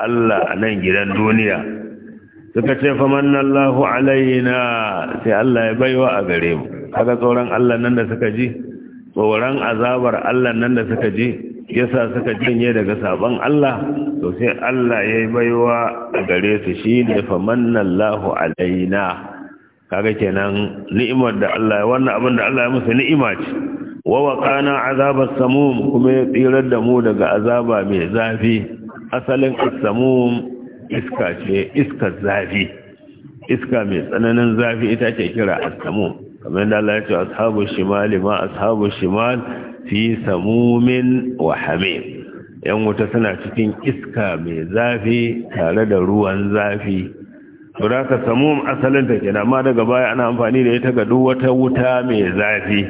Allah a nan gidan duniya suka ce faman Allahu alaina sai Allah ya baiwa a gare mu kaga tsoron Allah nan da suka ji tsoron azabar Allah nan da suka ji yasa suka jinye daga sabon Allah to sai Allah ya baiwa a gare su shine faman Allahu alaina kaga kenan ni'imar da Allah ya wannan abin da Allah ya musu ni'ima ce wa waqana azabas samum kuma ya tsirar da mu daga azaba mai zafi asalin assamun iska ce iska zafi iska mai tsananin zafi ita ce kira asamun kamar da Allah ya ce ashabu shimali ma ashabu shimal fi samumin wa hamim yan wuta suna cikin iska mai zafi tare da ruwan zafi saboda ka samum asalin ta kenan amma daga baya ana amfani da ita ga duk wata wuta mai zafi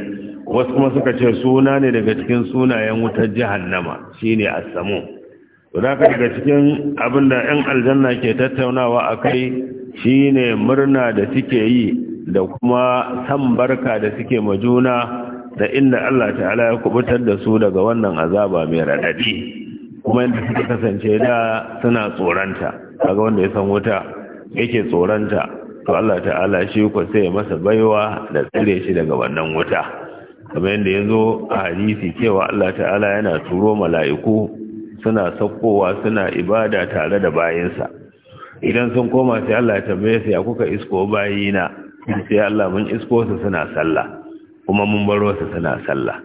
wasu kuma suka ce suna ne daga cikin sunayen wutar jahannama shine as Guda daga cikin abin da 'yan aljanna ke tattaunawa a kai shi ne murna da suke yi da kuma san barka da suke majuna da inda Allah ta'ala ya kubutar da su daga wannan azaba mai raɗaɗi kuma yadda suka kasance da suna tsoranta kaga wanda ya san wuta yake tsoranta to Allah ta'ala shi ko sai masa baiwa da tsire shi daga wannan wuta kamar yadda ya zo a hadisi cewa Allah ta'ala yana turo mala'iku suna saukowa suna ibada tare da bayinsa idan sun koma sai Allah ya tambaye su ya kuka isko bayina sai Allah mun isko su suna sallah kuma mun baro su suna sallah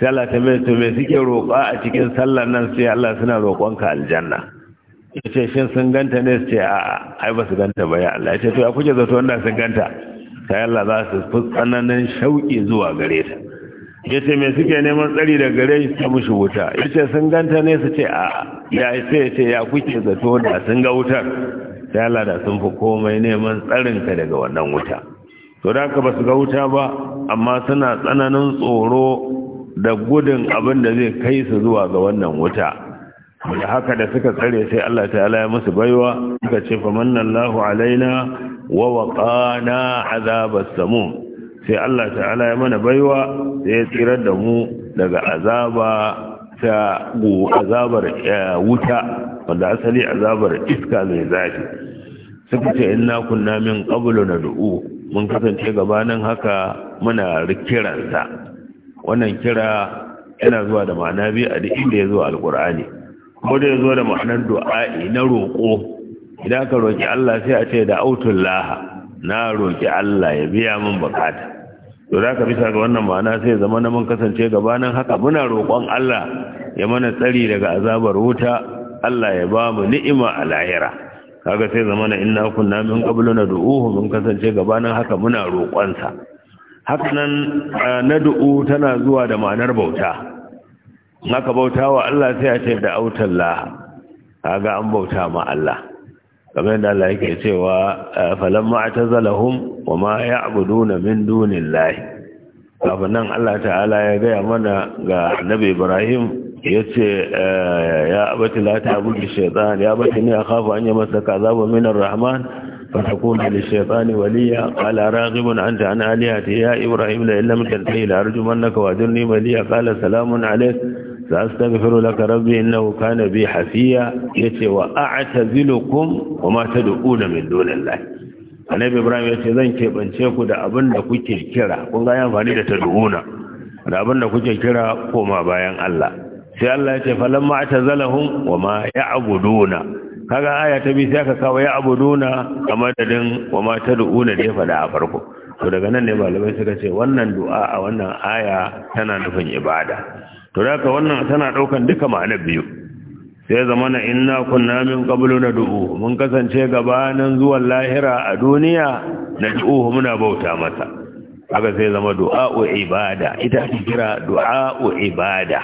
sai Allah ya tambaye su me suke roƙa a cikin sallar nan sai Allah suna roƙonka aljanna yace shin sun ganta ne sai a ai ba su ganta ba ya Allah yace to ya kuke zato wanda sun ganta sai Allah za su fi tsananin shauki zuwa gare ta ya ce mai suke neman tsari da gare su ta mushi wuta ya ce sun ganta ne su ce a ya ce ya ce ya kuke zato da sun ga wutar ta yala da sun fi komai neman tsarinka daga wannan wuta to da ka ba su ga wuta ba amma suna tsananin tsoro da gudun abin da zai kai su zuwa ga wannan wuta da haka da suka tsare sai Allah ta'ala ya musu baiwa suka ce Mannan lahu alaina wa waqana azabas samum sai Allah ta'ala ya mana baiwa sai ya tsirar da mu daga azaba ta azabar eh, wuta wanda asali azabar iska mai zafi suka ce na kunna min qablu na du'u. mun kasance gabanin haka muna kiransa wannan kira yana zuwa da ma'ana biyu a duk inda ya zo alkur'ani ko da ya zo da ma'anar du'a'i na roƙo idan ka roƙi Allah sai a ce da autun na roƙi Allah ya biya min bukata to da ka bisa ga wannan ma'ana sai zama na mun kasance gabanin haka muna roƙon Allah ya mana tsari daga azabar wuta Allah ya ba mu ni'ima a lahira kaga sai zama na inna kunna min qablu nad'uhu mun kasance gabanin haka muna roƙon sa hakanan nad'u tana zuwa da ma'anar bauta haka bautawa Allah sai a ce da autalla kaga an bauta ma Allah kamar da Allah yake cewa falan ma'atazalahum wa ma ya'buduna min dunillahi kafin nan Allah ta'ala ya gaya mana ga Annabi Ibrahim yace ya abati la ta'budu shaytan ya abati ni akhafu an yamassa kazaba min arrahman fa takuna li shaytani waliya qala raghibun anta an aliyati ya ibrahim la illa min tanhi la arjumannaka wa adurni waliya qala salamun alayka سأستغفر لك ربي إنه كان بي حفيا يتي وأعتزلكم وما تدعون من دون الله annabi ibrahim ya ce zan keɓance ku da abin da kuke kira kun ga amfani da ta da abin da kuke kira koma bayan Allah sai Allah ya ce falamma atazalahum wama ya'buduna kaga aya ta bi sai aka kawo ya'buduna a madadin wama tad'una da ya faɗa a farko to daga nan ne malamai suka ce wannan du'a a wannan aya tana nufin ibada to da wannan tana ɗaukan duka ma'anar biyu sai zamana inna kunna min qablu nad'u mun kasance gabanin zuwan lahira a duniya nad'u muna bauta masa haka sai zama du'a'u ibada ita ake kira du'a'u ibada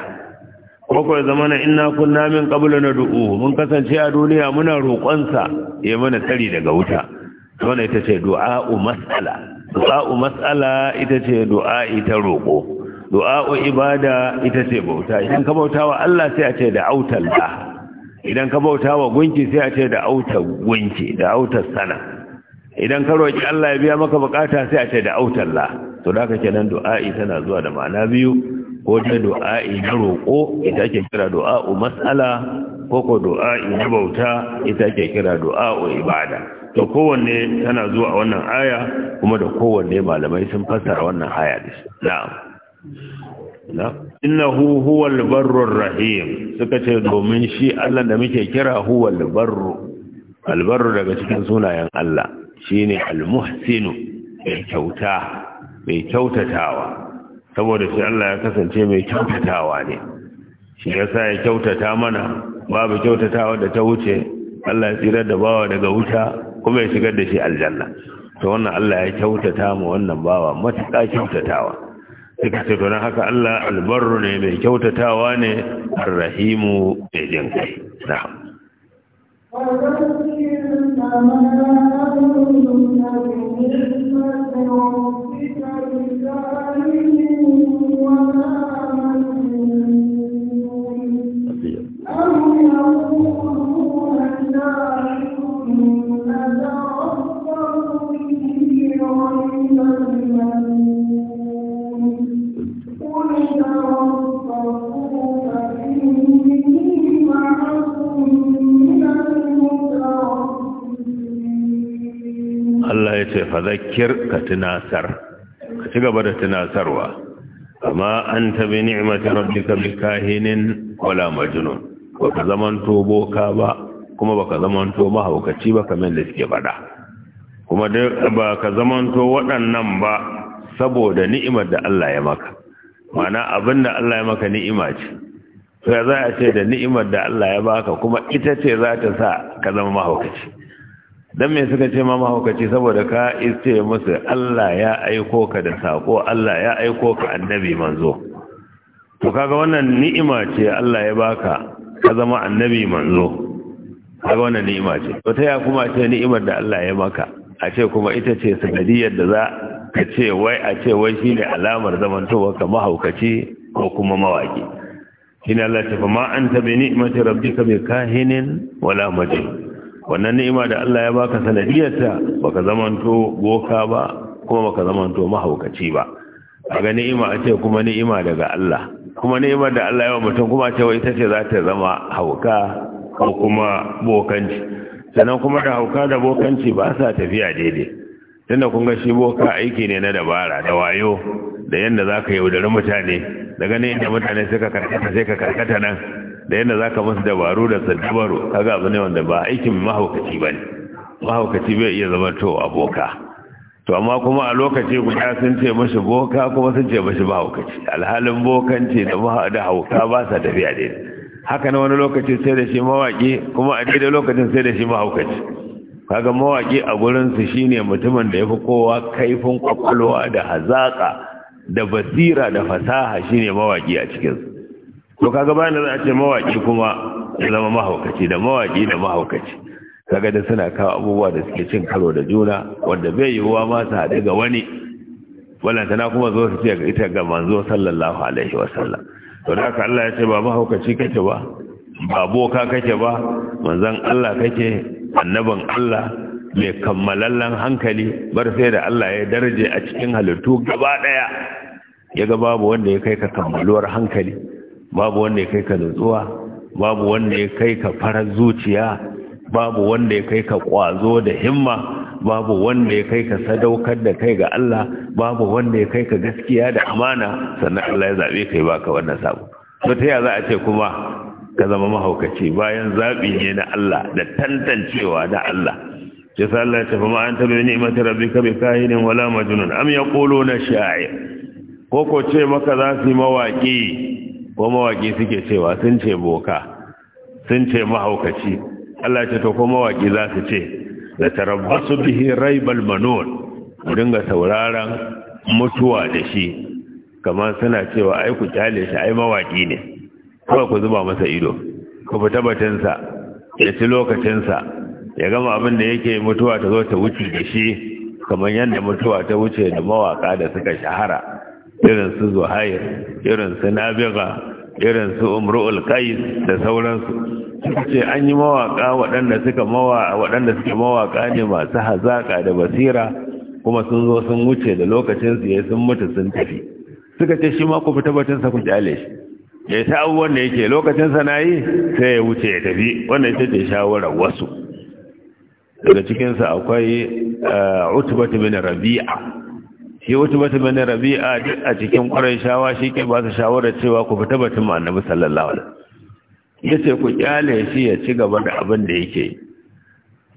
ko ko zamana inna kunna min qablu nad'u mun kasance a duniya muna roƙon sa ya mana tsari daga wuta to ne ita ce du'a'u mas'ala du'a'u mas'ala ita ce du'a ita roƙo du'a'u ibada ita ce bauta idan ka bauta wa Allah sai a ce da autal da idan ka bauta wa gunki sai a ce da autar gunki da autar sana idan ka roki Allah ya biya maka bukata sai a ce da autal la to da kake nan du'a'i tana zuwa da ma'ana biyu ko ta du'a'i na roko ita ake kira du'a'u mas'ala ko ko du'a'i na bauta ita ake kira du'a'u ibada to kowanne tana zuwa wannan aya kuma da kowanne malamai sun fassara wannan aya da shi na'am innahu huwal barrur rahim suka ce domin shi Allah da muke kira huwal barru daga cikin sunayen Allah shine almuhsinu mai kyauta mai kyautatawa saboda shi Allah ya kasance mai kyautatawa ne shi yasa ya kyautata mana babu kyautatawa da ta wuce Allah ya tsira da bawa daga wuta kuma ya shigar da shi aljanna to wannan Allah ya kyautata mu wannan bawa matuƙa kyautatawa suka ce don haka Allah albarru ne mai kyautatawa ne arrahimu mai jin kai na'am ce fadhakkir ka tunasar ka ci gaba da tunasarwa amma anta bi ni'mati rabbika kahinin wala majnun zaman to boka ba kuma baka zamanto mahaukaci ba kamar da suke faɗa kuma ba ka to waɗannan ba saboda ni'imar da Allah ya maka mana abin da Allah ya maka ni'ima ce sai za a ce da ni'imar da Allah ya baka kuma ita ce za ta sa ka zama mahaukaci dan me suka ce ma mahaukaci saboda ka iste musu Allah ya aiko ka da sako Allah ya aiko ka annabi manzo to kaga wannan ni'ima ce Allah ya baka ka zama annabi manzo kaga wannan ni'ima ce to ta ya kuma ce ni'imar da Allah ya maka a ce kuma ita ce sanadiyar da za ka ce wai a ce wai shine alamar zamantowar ka mahaukaci ko kuma mawaki shine Allah ya ce ma anta bi ni'mati rabbika bi kahinin wala majnun wannan ni'ima da Allah ya baka sanadiyarta baka zamanto boka ba kuma baka zamanto mahaukaci ba kaga ni'ima a ce kuma ni'ima daga Allah kuma ni'imar da Allah ya wa mutum kuma a ce wai ita ce za ta zama hauka ko kuma bokanci sannan kuma da hauka da bokanci ba sa tafiya daidai tunda kun ga shi boka aiki ne na dabara da wayo da yanda za ka yaudari mutane daga ne inda mutane suka karkata sai ka karkata nan da yadda za ka masu dabaru da sadabaru kaga abu ne wanda ba aikin mahaukaci ba ne mahaukaci bai iya zama to aboka to amma kuma a lokaci guda sun ce mashi boka kuma sun ce mashi mahaukaci alhalin bokanci da hauka ba sa tafiya daidai haka na wani lokaci sai da shi mawaki kuma a daidai lokacin sai da shi mahaukaci kaga mawaki a gurin su shine mutumin da ya fi kowa kaifin kwakwalwa da hazaƙa da basira da fasaha shine mawaki a cikinsu to kaga bayan da za a ce mawaki kuma zama mahaukaci da mawaki da mahaukaci kaga da suna kawo abubuwa da suke cin karo da juna wanda bai yiwuwa ma su haɗu ga wani na kuma zo su ce ga ita ga manzo sallallahu alaihi wasallam to da haka Allah ya ce ba mahaukaci kake ba ba boka kake ba manzon Allah kake annaban Allah mai kammalallen hankali bar sai da Allah ya darje a cikin halittu gaba daya ya ga babu wanda ya kai ka kammaluwar hankali babu wanda ya kai ka nutsuwa babu wanda ya kai ka farar zuciya babu wanda ya kai ka kwazo da himma babu wanda ya kai ka sadaukar da kai ga Allah babu wanda ya kai ka gaskiya da amana sannan Allah ya zabe kai baka wannan sabo to ta ya za a ce kuma ka zama mahaukaci bayan zabi ne na Allah da tantancewa da Allah ya sa Allah ya ce fa anta bi ni'mati rabbika bi kahinin wala majnun am yaquluna sha'ir ko ko ce maka za su yi mawaki ko mawaki suke cewa sun ce boka sun ce mahaukaci Allah ce to ko mawaki za su ce da tarabbasu bihi raibal manun ku dinga sauraron mutuwa da shi kamar suna cewa ai ku kyale shi ai mawaƙi ne Kuma ku zuba masa ido ku fita batinsa ya ci lokacinsa ya gama abin da yake mutuwa ta zo ta wuce da shi kamar yadda mutuwa ta wuce da mawaka da suka shahara irin su zuhair irin su nabiga irin su umru'ul qais da sauransu ce an yi mawaka waɗanda suka mawaka waɗanda suke mawaka ne masu hazaka da basira kuma sun zo sun wuce da lokacin su yayin sun mutu sun tafi suka ce shi ma ku fita batun sa ku jale shi ya ta abubuwan da yake lokacin sa nayi sai ya wuce ya tafi wannan ita ce shawarar wasu daga sa akwai eh, utubatu bin rabi'a shi wata bata bane rabi'a duk a cikin ƙwarar shawa shi ke ba su shawarar cewa ku fita batun annabi sallallahu alaihi ya ce ku kyale shi ya ci gaba da abin da yake yi.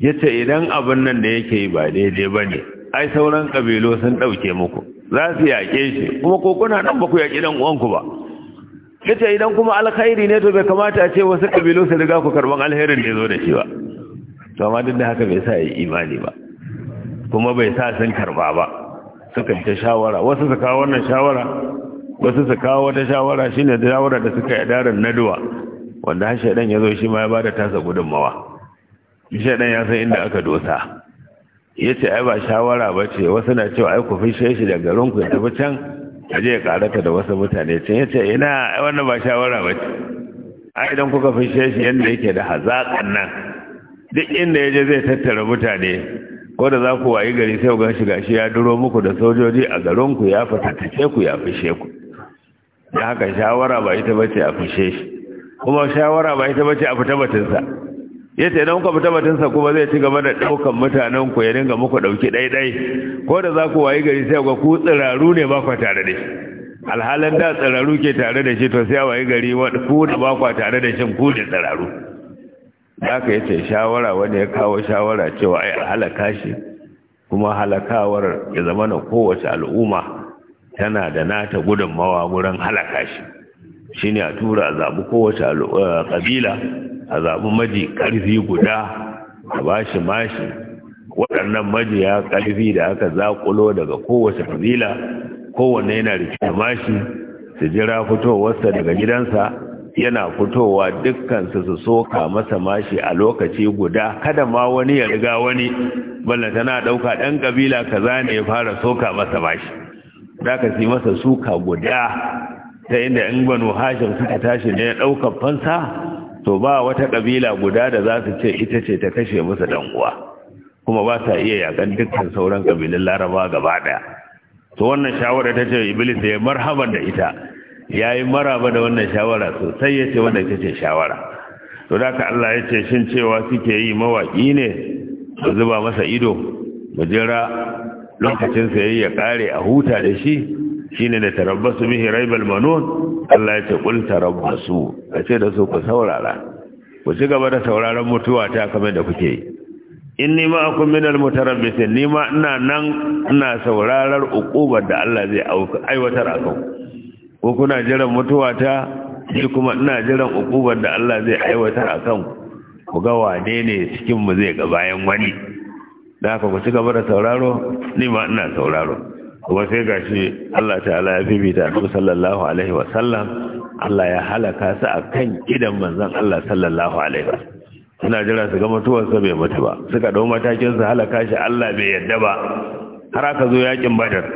ya ce idan abin nan da yake yi ba daidai ba ne ai sauran ƙabilo sun ɗauke muku za su yaƙe shi kuma ko kuna nan ba ku yaƙi ɗan uwanku ba ya ce idan kuma alkhairi ne to bai kamata a ce wasu ƙabilo su riga ku karɓan alherin da ya zo da shi ba to amma duk da haka bai sa ya imani ba kuma bai sa sun karɓa ba yi ta shawara wasu su kawo wannan shawara wasu su kawo wata shawara shine da shawara da suka yi darin naduwa wanda har shaidan ya zo shi ma ya ba da tasa gudunmawa shaidan ya san inda aka dosa ya ce ai ba shawara ba ce wasu na cewa ai ku fishe shi da garin ku ya tafi can a je karata da wasu mutane can ya ce ina ai wannan ba shawara ba ce ai idan kuka fishe shi yadda yake da hazaƙan nan duk inda ya je zai tattara mutane ko da za ku wayi gari sai ga shi gashi ya duro muku da sojoji a garinku ya fatattace ku ya fishe ku da haka shawara ba ita bace a fishe shi kuma shawara ba ita bace a fita batun ya ce don kuka fita batinsa kuma zai ci gaba da ɗaukan mutanen ku ya dinga muku ɗauki dai ko da za ku wayi gari sai ga ku tsiraru ne ba ku tare da shi alhalin da tsiraru ke tare da shi to sai a wayi gari ku da ba ku tare da shi ku da tsiraru Zaka yace shawara wanda ya kawo shawara cewa ai halaka shi kuma halakawar ya zama na kowace al'umma tana da nata gudunmawa wurin halaka shi shine a tura a kowace eh, ƙabila a maji karfi guda a bashi mashi waɗannan ya ƙarfi da aka zaƙulo daga kowace kabila kowanne yana rike mashi su jira fitowarsa daga gidansa yana fitowa dukkan su soka masa mashi a lokaci guda kada ma wani ya riga wani balla tana dauka dan kabila kaza ne ya fara soka masa mashi zaka si masa suka guda ta inda in banu hashim suka tashi ne ya dauka fansa to ba wata kabila guda da za su ce ita ce ta kashe musu dan uwa kuma ba ta iya yakan dukkan sauran kabilan laraba gaba daya to wannan shawara ta ce iblis ya marhaban da ita ya yi maraba da wannan shawara sosai ya ce wannan shawara to da ka Allah ya ce shin cewa suke yi mawaƙi ne su zuba masa ido mu jira lokacin sayayya ya kare a huta da shi shine da tarabbasu bihi raibal manun Allah ya ce qul tarabbasu ce da su ku saurara ku ci gaba da sauraron mutuwa ta kamar da kuke yi inni ma akum min al mutarabbisin ni ma ina nan ina sauraron uqubar da Allah zai aiwatar a kanku ko kuna jiran mutuwa ta kuma ina jiran ukubar da Allah zai aiwatar a kan ku ga wane ne cikin mu zai ga bayan wani da haka ku ci gaba da sauraro ni ma ina sauraro kuma sai gashi Allah ta'ala ya bibita Annabi sallallahu alaihi wa sallam Allah ya halaka su kan gidan manzon Allah sallallahu alaihi wa sallam suna jira su ga mutuwarsa bai mutu ba suka ɗau matakin su halaka shi Allah bai yadda ba har aka zo yakin badar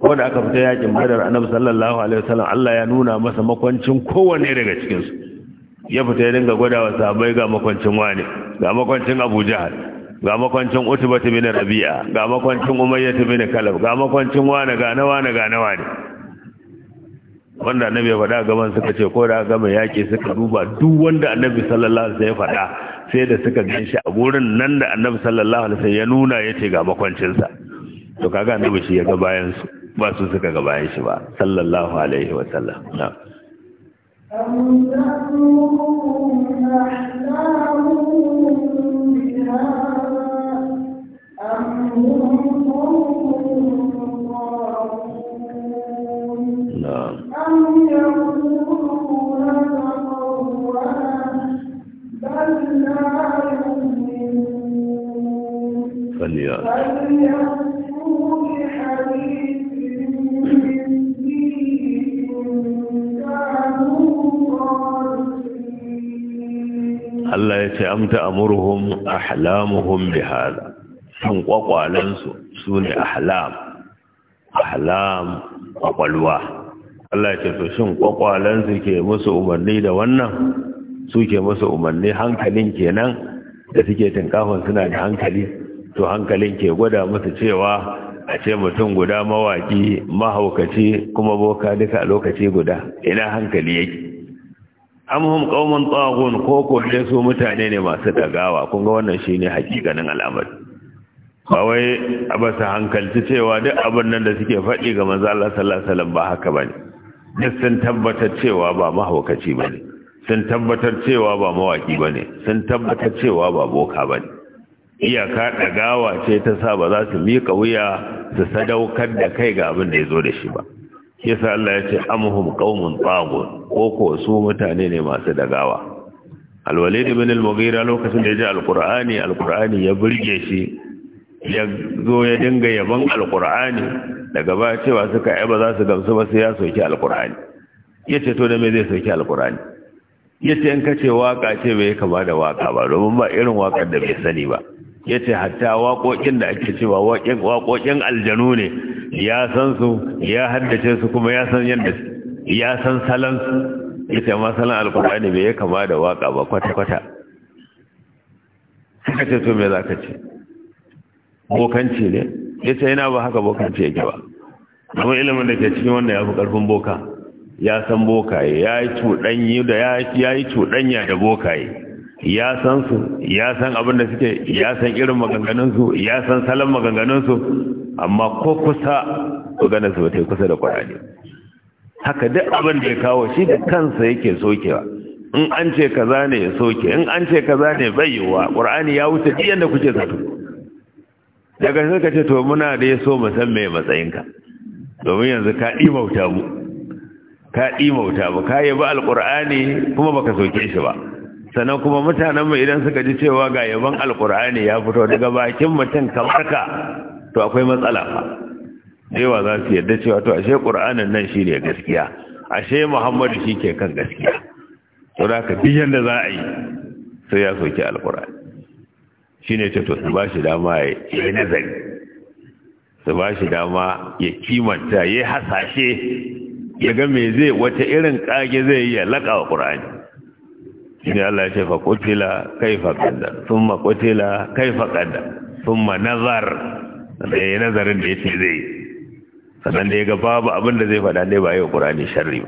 ko da aka fita yakin badar annabi sallallahu alaihi wasallam Allah ya nuna masa makwancin kowanne daga cikin su ya fita ya dinga gwada wa sahabbai ga makwancin wani ga makwancin Abu Jahal ga makwancin Utbah bin Rabi'a ga makwancin Umayyah bin Kalab ga makwancin wani ga na wani ga na wani wanda annabi ya faɗa gaban suka ce ko da gama yaƙi suka duba duk wanda annabi sallallahu alaihi wasallam ya faɗa sai da suka ganshi a gurin nan da annabi sallallahu alaihi wasallam ya nuna yace ga makwancinsa to kaga annabi shi ya ga bayan su ba su suka gabaye shi ba sallallahu alaihi wa sallam na Allah ya ce amta amurhum ahlamuhum bihada sun kwakwalansu su ne ahlam ahlam kwakwalwa Allah ya ce to shin kwakwalansu ke musu umarni da wannan su ke musu umarni hankalin kenan da suke tinkafin suna da hankali to hankalin ke gwada musu cewa a ce mutum guda mawaki mahaukaci kuma boka duka a lokaci guda ina hankali yake amhum qauman taghun ko ko dai su mutane ne masu dagawa kun ga wannan shine hakikanin al'amari ba wai abasa hankalci cewa duk abin nan da suke faɗi ga manzo Allah sallallahu alaihi wasallam ba haka bane duk sun tabbatar cewa ba mahaukaci bane sun tabbatar cewa ba mawaki bane sun tabbatar cewa ba boka bane iyaka dagawa ce ta sa ba za su miƙa wuya su sadaukar da kai ga abin da ya zo da shi ba yasa Allah ya ce amhum qaumun taghun ko ko su mutane ne masu dagawa alwalid ibn al-mughira lokacin da ya ji alqur'ani alqur'ani ya burge shi ya zo ya dinga yaban alqur'ani daga ba cewa suka ai ba za su gamsu ba sai ya soki alqur'ani yace to da me zai soki alqur'ani yace in kace waka ce bai kama da waka ba domin ba irin wakar da bai sani ba yace hatta waƙoƙin da ake cewa waƙoƙin aljanu ne ya san su ya haddace su kuma ya san yadda ya san salon su ita ma salon alkur'ani bai ya kama da waka ba kwata-kwata suka ce to me za ka ce bokanci ne ya ce yana ba haka bokanci yake ba kuma ilimin da ke cikin wanda ya fi ƙarfin boka ya san bokaye ya yi cuɗanya da bokaye ya san su ya san abin da suke ya san irin maganganunsu ya san salon maganganunsu amma ko kusa magana su ta kusa da ƙwararri haka duk abin da ya kawo shi da kansa yake sokewa in an ce kaza ne ya soke in an ce kaza ne bai yiwuwa ƙwararri ya wuce duk yadda kuke zato daga sai ka ce to muna da ya so mu san me matsayinka domin yanzu ka mauta mu ka mauta mu ka yi ba alƙur'ani kuma baka soke shi ba sannan kuma mutanenmu idan suka ji cewa ga yaban alkur'ani ya fito daga bakin mutum kamar ka to akwai matsala fa yawa za su yadda cewa to ashe qur'anin nan shine gaskiya ashe muhammadu shi ke kan gaskiya to da ka fi yadda za a yi sai ya soki alqur'ani shine ce to su bashi dama ya yi nazari su bashi dama ya kimanta ya hasashe ya ga me zai wata irin ƙage zai yi ya laƙa wa qur'ani shine Allah ya ce fa qutila kaifa qaddar thumma kai kaifa Sun thumma nazar sannan ya nazarin da ya ce zai yi sannan da ya ga babu abin da zai faɗa ne ba yau ƙurani sharri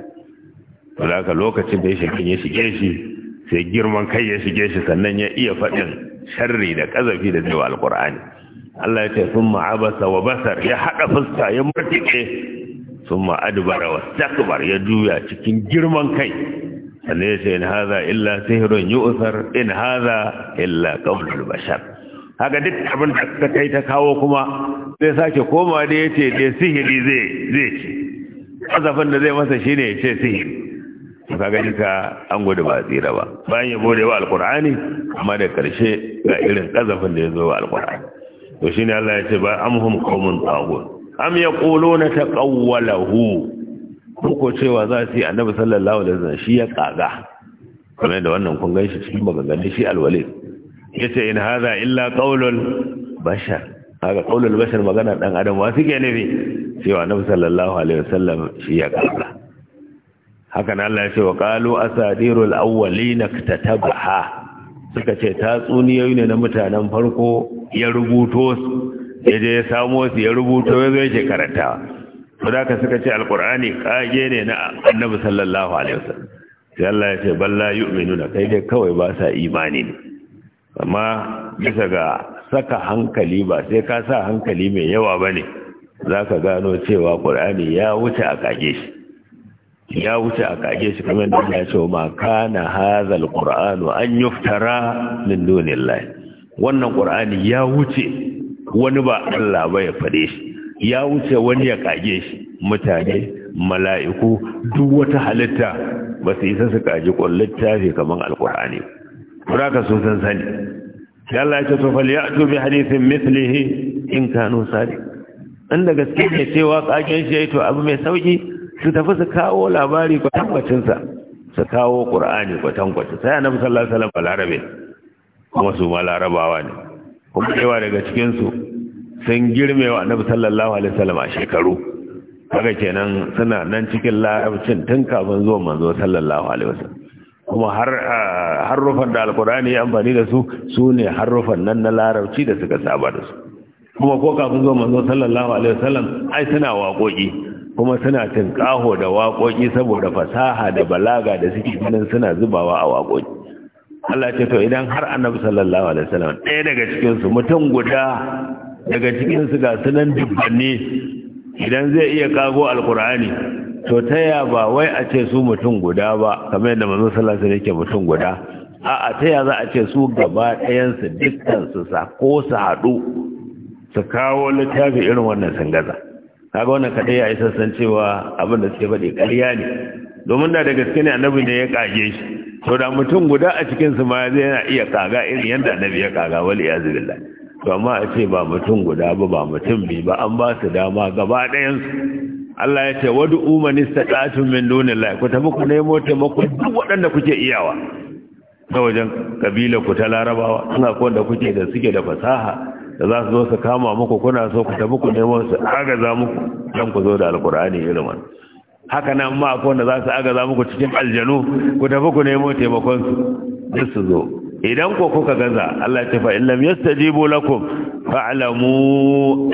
ba za ka lokacin da ya shekin ya shige shi sai girman kai ya shige shi sannan ya iya faɗin sharri da ƙazafi da zai wa alƙur'ani Allah ya ce sun ma'abasa wa basar ya haɗa fuska ya murtike sun ma'adubara wa takbar ya juya cikin girman kai sannan ya ce in haza illa sihirin yu'sar in haza illa ƙaunar bashar haka duk abin da ta kai ta kawo kuma zai sake koma da ya ce da sihiri zai zai ci azafin da zai masa shine ya ce sihiri ka gani ka an gudu ba tsira ba bayan ya gode wa alkur'ani amma da karshe ga irin kazafin da ya zo wa alkur'ani to shine Allah ya ce ba amhum qaumun taghut am yaquluna taqawwalahu ko cewa za su yi annabi sallallahu alaihi wasallam shi ya kaga kamar da wannan kun ganshi cikin maganganu shi alwalid yace in hadha illa qaulul bashar haka qaulul bashar magana dan adam wa suke nufi cewa annabi sallallahu alaihi wasallam shi ya kalla haka nan Allah ya ce wa qalu asadirul awwalin katabaha suka ce tatsuniyoyi ne na mutanen farko ya rubuto su ya je ya samo su ya rubuto ya zai ke karantawa to da ka suka ce alqur'ani kage ne na annabi sallallahu alaihi wasallam sai Allah ya ce balla yu'minuna kai dai kawai ba sa imani ne amma bisa ga saka hankali ba sai ka sa hankali mai yawa ba ne za ka gano cewa ƙur'ani ya wuce a kage shi ya wuce a kage shi kamar da ya ce ma kana hazal ƙur'anu an fitara min lai wannan ƙur'ani ya wuce wani ba Allah ba ya fade shi ya wuce wani ya kage shi mutane mala'iku duk wata halitta ba su isa su kaji ƙullun tafi kamar alƙur'ani ba ka sun san sani Allah ya ce to fal ya'tu bi hadithin mithlihi in kanu sadiq inda gaske ne cewa kakin shi yayi to abu mai sauki su tafi su kawo labari tambacin sa su kawo qur'ani kwatankwacin sai annabi sallallahu alaihi wasallam larabe kuma su ma larabawa ne kuma yawa daga cikin su sun girme wa annabi sallallahu alaihi wasallam a shekaru kaga kenan suna nan cikin larabcin tun kafin zuwan manzo sallallahu alaihi wasallam kuma ah, harufan da alkurani ya amfani da su su ne harufan nan na larabci da suka saba da su kuma ko kafin zo manzo sallallahu alaihi wasallam ai suna waƙoƙi kuma suna kaho da waƙoƙi saboda fasaha da balaga da suke ganin suna zubawa a waƙoƙi Allah ce to idan har annabi sallallahu alaihi wasallam ɗaya daga cikin su mutum guda daga cikin su ga sunan dubbanni idan zai iya kago alkur'ani to ta ya ba wai a ce su mutum guda ba kamar yadda manzon sallallahu alaihi wasallam yake mutum guda a'a ta ya za a ce su gaba ɗayan su dukkan su sa ko su hadu su kawo littafi irin wannan sangaza kaga wannan kadai ya isa san cewa abin da suke faɗi ƙarya ne domin da da gaske ne annabi ne ya kage shi to da mutum guda a cikin su ma zai yana iya kaga irin yadda annabi ya kaga wal iyaz billah to amma a ce ba mutum guda ba ba mutum bi ba an ba su dama gaba ɗayan su Allah ya ce wadu umani stata'atun min dunillahi ku tafi ku nemo taimako duk waɗanda kuke iyawa ta wajen kabila ku ta larabawa ina ko da kuke da suke da fasaha da za su zo su kama muku kuna so ku tafi ku nemo su agaza muku dan ku zo da alqur'ani ilman haka nan ma akwai wanda za su agaza muku cikin aljanu ku tafi ku nemo taimakon su duk su zo idan ko kuka gaza Allah ya ce fa illam yastajibu lakum fa'lamu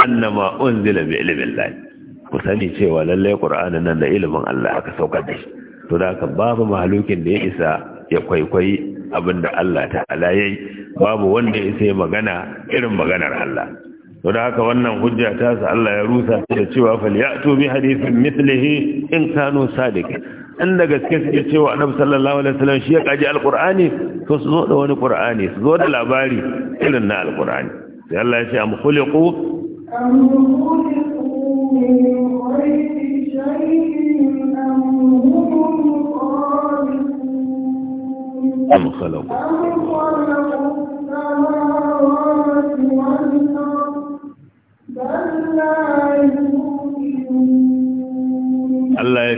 annama unzila bi ilmillahi ku sani cewa lallai ƙur'anin nan da ilimin Allah aka saukar da shi to da haka babu mahalukin da ya isa ya kwaikwayi abinda Allah ta yayi babu wanda ya sai magana irin maganar Allah to da haka wannan hujja ta sa Allah ya rusa da cewa falyatu bi hadithin mithlihi in kanu sadiqin inda gaske suke cewa annabi sallallahu alaihi wasallam shi ya kaji alqur'ani to su zo da wani qur'ani su zo da labari irin na alqur'ani sai Allah ya ce am khuliqu am khuliqu Allah ya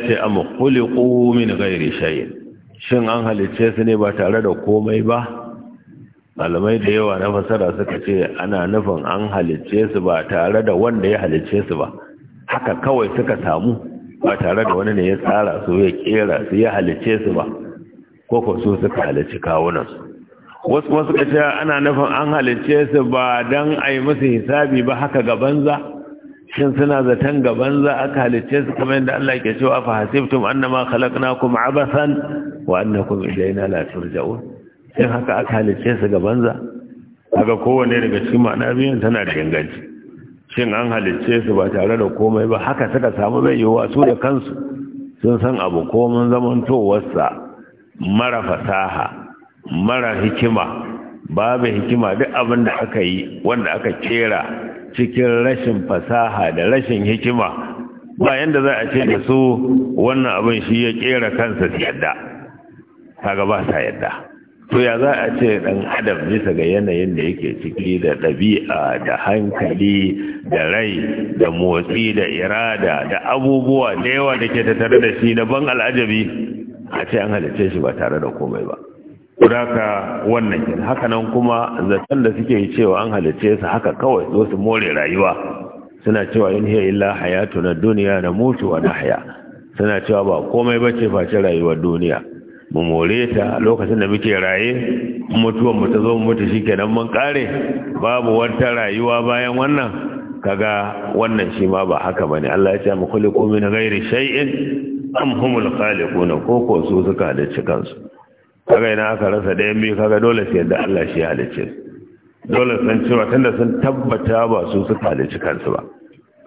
ce, "Amma kuliku min gairi shayin, shin an halicce su ne ba tare da komai ba?" Malamai da yawa na fasara suka ce, "Ana nufin an halicce su ba tare da wanda ya halicce su ba." haka kawai suka samu ba tare da wani ne ya tsara su ya kera su ya halice su ba ko ko su suka halice kawunan su wasu wasu kace ana nufin an halice su ba dan yi musu hisabi ba haka ga banza shin suna zaton ga banza aka halice su kamar yadda Allah ke cewa fa hasibtum annama khalaqnakum abasan wa annakum ilayna la turja'un shin haka aka halice su ga banza kaga kowanne daga cikin ma'ana biyan tana da ganganci shin an halicce su ba tare da komai ba haka suka samu mai yiwuwa su da kansu sun san abu komin zamantowarsa mara fasaha mara hikima babu hikima duk abin da aka yi wanda aka kera cikin rashin fasaha da rashin hikima ba yanda za a ce da su wannan abin shi ya kera kansa yadda ta gaba ta yadda to ya za a ce ɗan adam bisa ga yanayin da yake ciki da ɗabi'a da hankali da rai da motsi da irada da abubuwa da yawa da ke tattare da shi na ban al'ajabi a ce an halice shi ba tare da komai ba Kuraka wannan kin haka nan kuma zaton da suke cewa an halice su haka kawai zo su more rayuwa suna cewa in hiya illa hayatuna duniya na mutuwa na haya, suna cewa ba komai ba ce face rayuwar duniya mu more ta lokacin da muke raye mutuwan mu ta zo mu mutu shikenan mun kare babu wata rayuwa bayan wannan kaga wannan shi ma ba haka bane Allah ya ce mu khuliqu min ghairi shay'in am humul khaliquna ko ko su suka da su kaga ina aka rasa da yammi kaga dole sai da Allah shi ya dace dole san cewa tunda sun tabbata ba su suka da su ba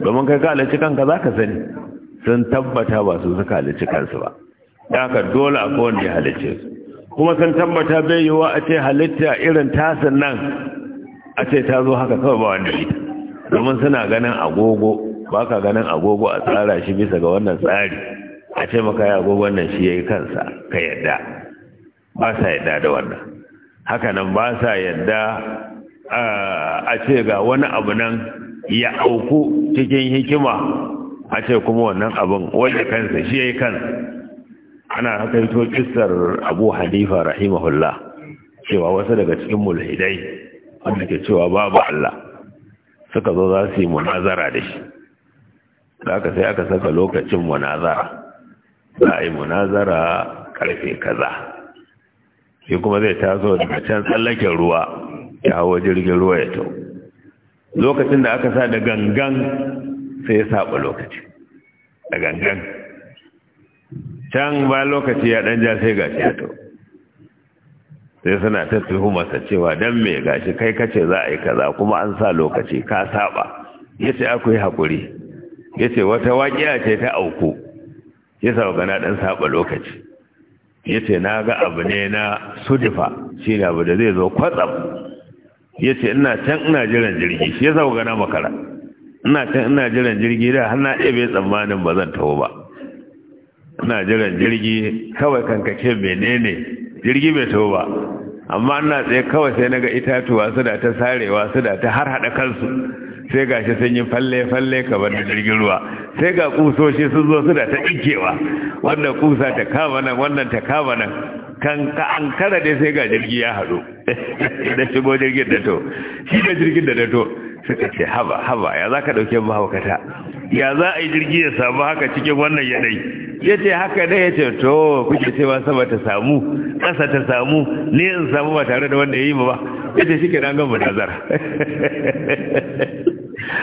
domin kai ka halicci kanka zaka sani sun tabbata ba su suka halicci kansu ba da dole a kowane ya halicce su kuma sun tabbata bai yiwuwa a ce halitta irin tasin nan a ce ta zo haka kawai ba wanda ita domin suna ganin agogo ba ka ganin agogo a tsara shi bisa ga wannan tsari a ce maka ya agogon nan shi ya yi kansa ka yadda ba sa yadda da wannan haka nan ba sa yadda a ce ga wani abu nan ya auku cikin hikima a ce kuma wannan abin wajen kansa shi ya yi kansa ana hakaito kissar abu hanifa rahimahullah cewa wasu daga cikin mulhidai wanda ke cewa babu Allah suka zo za su yi munazara da shi da aka sai aka saka lokacin munazara za a yi munazara karfe kaza shi kuma zai taso daga can tsallaken ruwa ya hawa jirgin ruwa ya tau lokacin da aka sa da gangan sai ya saba lokaci da gangan can ba lokaci ya ɗan ja sai gashi ya to sai suna ta tuhumarsa cewa don me gashi kai kace za a yi kaza kuma an sa lokaci ka saba ya ce akwai haƙuri ya ce wata waƙiya ce ta auku ya sa gana ɗan saba lokaci ya ce na ga abu ne na sudifa shi ne abu da zai zo kwatsam ya ce ina can ina jiran jirgi shi ya sa gana makara ina can ina jiran jirgi da har na ɗebe tsammanin ba zan taho ba na jiran jirgi kawai kankace menene jirgi bai taho ba amma ina tsaye kawai sai naga itatuwa su da ta sarewa su da ta har hada kansu sai gashi sun yi falle falle kamar da jirgin ruwa sai ga kusoshi sun zo su da ta ɗinkewa wannan kusa ta kama nan wannan ta kama nan kan ka an kara dai sai ga jirgi ya haɗu da shigo jirgin da to shi da jirgin da da to suka ce haba haba ya za ka ɗauke mu haukata ya za a yi jirgi ya samu haka cikin wannan yanayi ya ce haka ne ya ce to kuke cewa sama ta samu ƙasa ta samu ne in samu ba tare da wanda ya yi ba ya ce shike nan ga Ba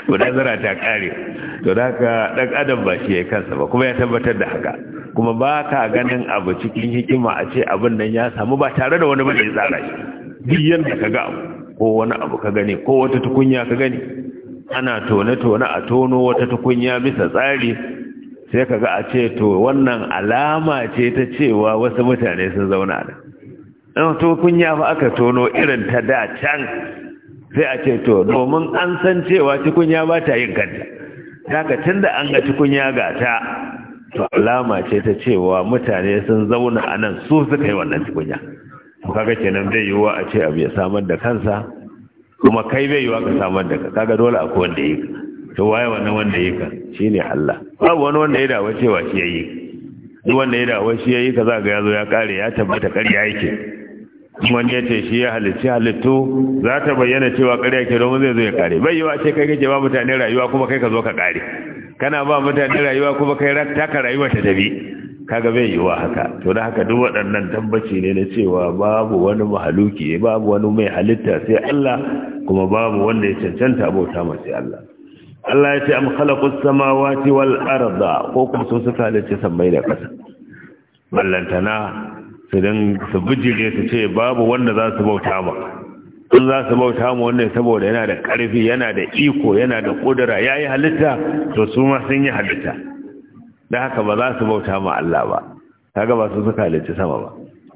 munazara ta ƙare. to da haka ɗan adam ba shi ya kansa ba kuma ya tabbatar da haka kuma ba ka ganin abu cikin hikima a ce abin nan ya samu ba tare da wani ba da ya tsara shi duk yadda ka ga abu ko wani abu ka gani ko wata tukunya ka gani ana tone-tone a tono wata tukunya bisa tsari sai kaga a ce to wannan alama ce ta cewa wasu mutane sun zauna da tukunya fa aka tono irin ta da can sai a ce to domin an san cewa tukunya ba ta yin kanta daga tun da an ga tukunya ga ta to alama ce ta cewa mutane sun zauna a nan su suka yi wannan tukunya kaga kenan zai yiwuwa a ce abu ya samar da kansa kuma kai bai yiwa ka samar da ka kaga dole a wanda yi ka to waye wannan wanda yi ka shine Allah babu wani wanda ya dawo cewa shi yayi duk wanda ya dawo shi yayi ka zaka ya zo ya kare ya tabbata ƙarya yake wani ya ce shi ya halitta halittu za ta bayyana cewa ƙarya ke domin zai zo ya kare bai yiwa ce kai kake ba mutane rayuwa kuma kai ka zo ka kare kana ba mutane rayuwa kuma kai taka rayuwa ta tabi kaga bai yiwa haka to da haka duk waɗannan tabbaci ne na cewa babu wani mahaluki babu wani mai halitta sai Allah kuma babu wanda ya cancanta abota ma sai Allah Allah ya ce am khalaqus samawati wal arda ko kuma so suka halitta sammai da ƙasa ballantana su dan su bijire su ce babu wanda za su bauta ba in za su bauta mu wannan saboda yana da ƙarfi yana da iko yana da ƙudura yayi halitta to su ma sun yi halitta da haka ba za su bauta ma Allah ba kaga ba su suka halicci sama ba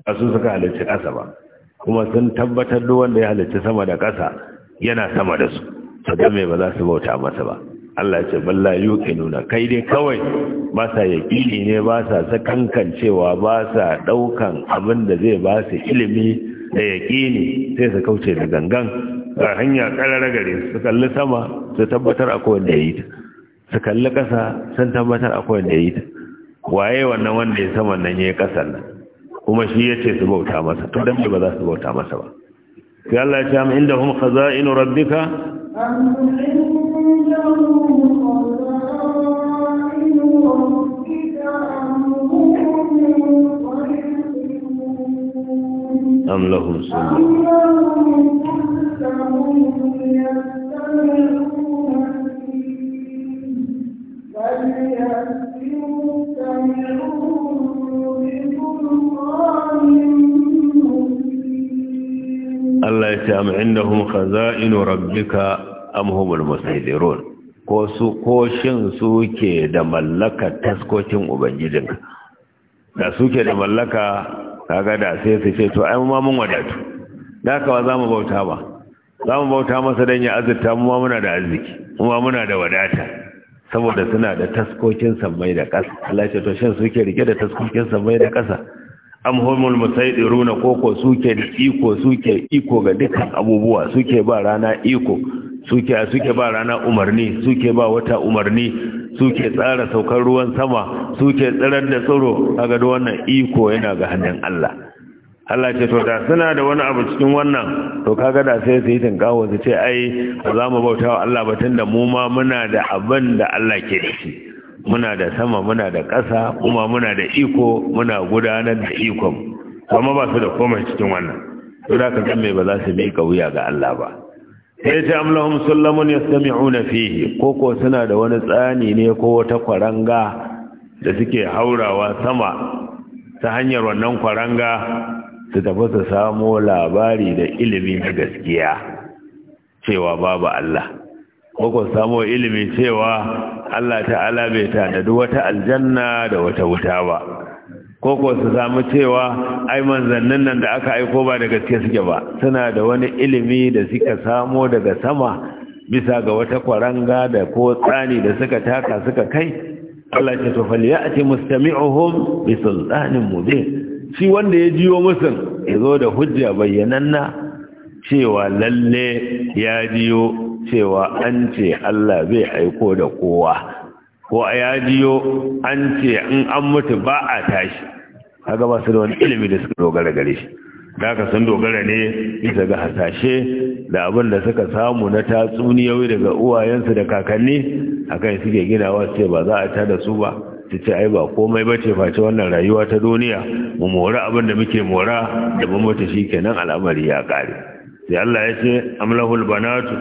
ba su suka halicci ƙasa ba kuma sun tabbatar duk wanda ya halicci sama da ƙasa yana sama da su saboda me ba za su bauta masa ba Allah ya ce balla yuqinuna kai dai kawai ba sa yaqini ne ba sa sakankancewa ba sa daukan abin da zai ba su ilimi da yaqini sai su kauce da gangan ga hanya karara gare su kalli sama su tabbatar akwai wanda yi ta su kalli ƙasa sun tabbatar akwai da yi ta waye wannan wanda ya saman nan ya yi ƙasar nan kuma shi ya ce su bauta masa to dan ba za su bauta masa ba sai Allah ya ce am inda hum khaza'inu rabbika am lahum sunnah Allah ya ce am indahum khaza'inu rabbika amhumul musaidirun ko su ko shin suke da mallaka taskocin ubangijin da suke da mallaka kaga da sai su ce to ai mu ma mun wadatu da kawa mu bauta ba Za mu bauta masa dan ya azurta mu ma muna da arziki mu ma muna da wadata saboda suna da taskokin sammai da ƙasa Allah ce to shin suke rike da taskokin sammai da ƙasa am humul musaidiruna koko suke da iko suke iko ga dukkan abubuwa suke ba rana iko suke suke ba rana umarni suke ba wata umarni suke tsara saukar ruwan sama suke tsarar da tsaro kaga da wannan iko yana ga hannun Allah Allah ce to da suna da wani abu cikin wannan to kaga da sai su yi tinkawo su ce ai ba za mu bauta wa Allah ba tunda mu ma muna da abin da Allah ke da shi muna da sama muna da ƙasa kuma muna da iko muna gudanar da ikon kuma ba su da komai cikin wannan to da san me ba za su miƙa wuya ga Allah ba sai ce amlahum sallamun yastami'una fihi ko ko suna da wani tsani ne ko wata kwaranga da suke haurawa sama ta hanyar wannan kwaranga su tafi su samo labari da ilimi na gaskiya cewa babu Allah ko samo ilimi cewa Allah ta'ala bai tanadi wata aljanna da wata wuta ba ko ko su samu cewa ai manzannin nan da aka aiko ba da gaske suke ba suna da wani ilimi da suka samo daga sama bisa ga wata kwaranga da ko tsani da suka taka suka kai Allah ce to falyati mustami'uhum bi sultanin mubin shi wanda ya jiyo musun ya zo da hujja bayyananna cewa lalle ya jiyo cewa an ce Allah bai aiko da kowa ko ya jiyo an ce in an mutu ba a tashi kaga ba su da wani ilimi da suka dogara gare shi da aka sun dogara ne bisa ga hasashe da abin da suka samu na tatsuniyoyi daga uwayensu da kakanni akan suke ginawa ce ba za a tada su ba ta ce ai ba komai ba ce face wannan rayuwa ta duniya mu mora abin da muke mora da mu mutu kenan al'amari ya kare sai Allah ya ce amlahul banatu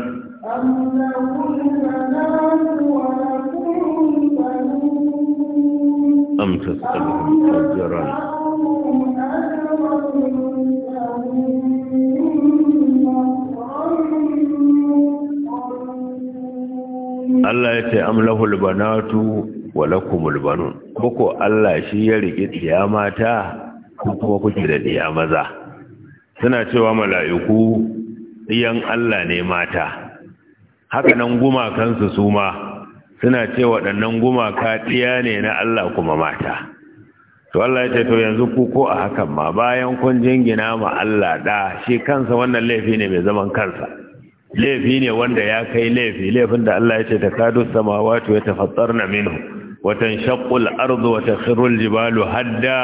Allah ya ce amlahul banatu walakumul banun koko Allah shi ya rike ya mata ko kuma kuke da ya maza suna cewa mala'iku iyan Allah ne mata haka nan kansu su ma suna cewa waɗannan gumaka tiya ne na Allah kuma mata to Allah ya ce to yanzu ku ko a hakan ma bayan kun jingina ma Allah da shi kansa wannan laifi ne mai zaman kansa laifi ne wanda ya kai laifi laifin da Allah ya ce ta kadu samawati ya tafattarna minhu watan shakul arzu wata khirul jibalu hadda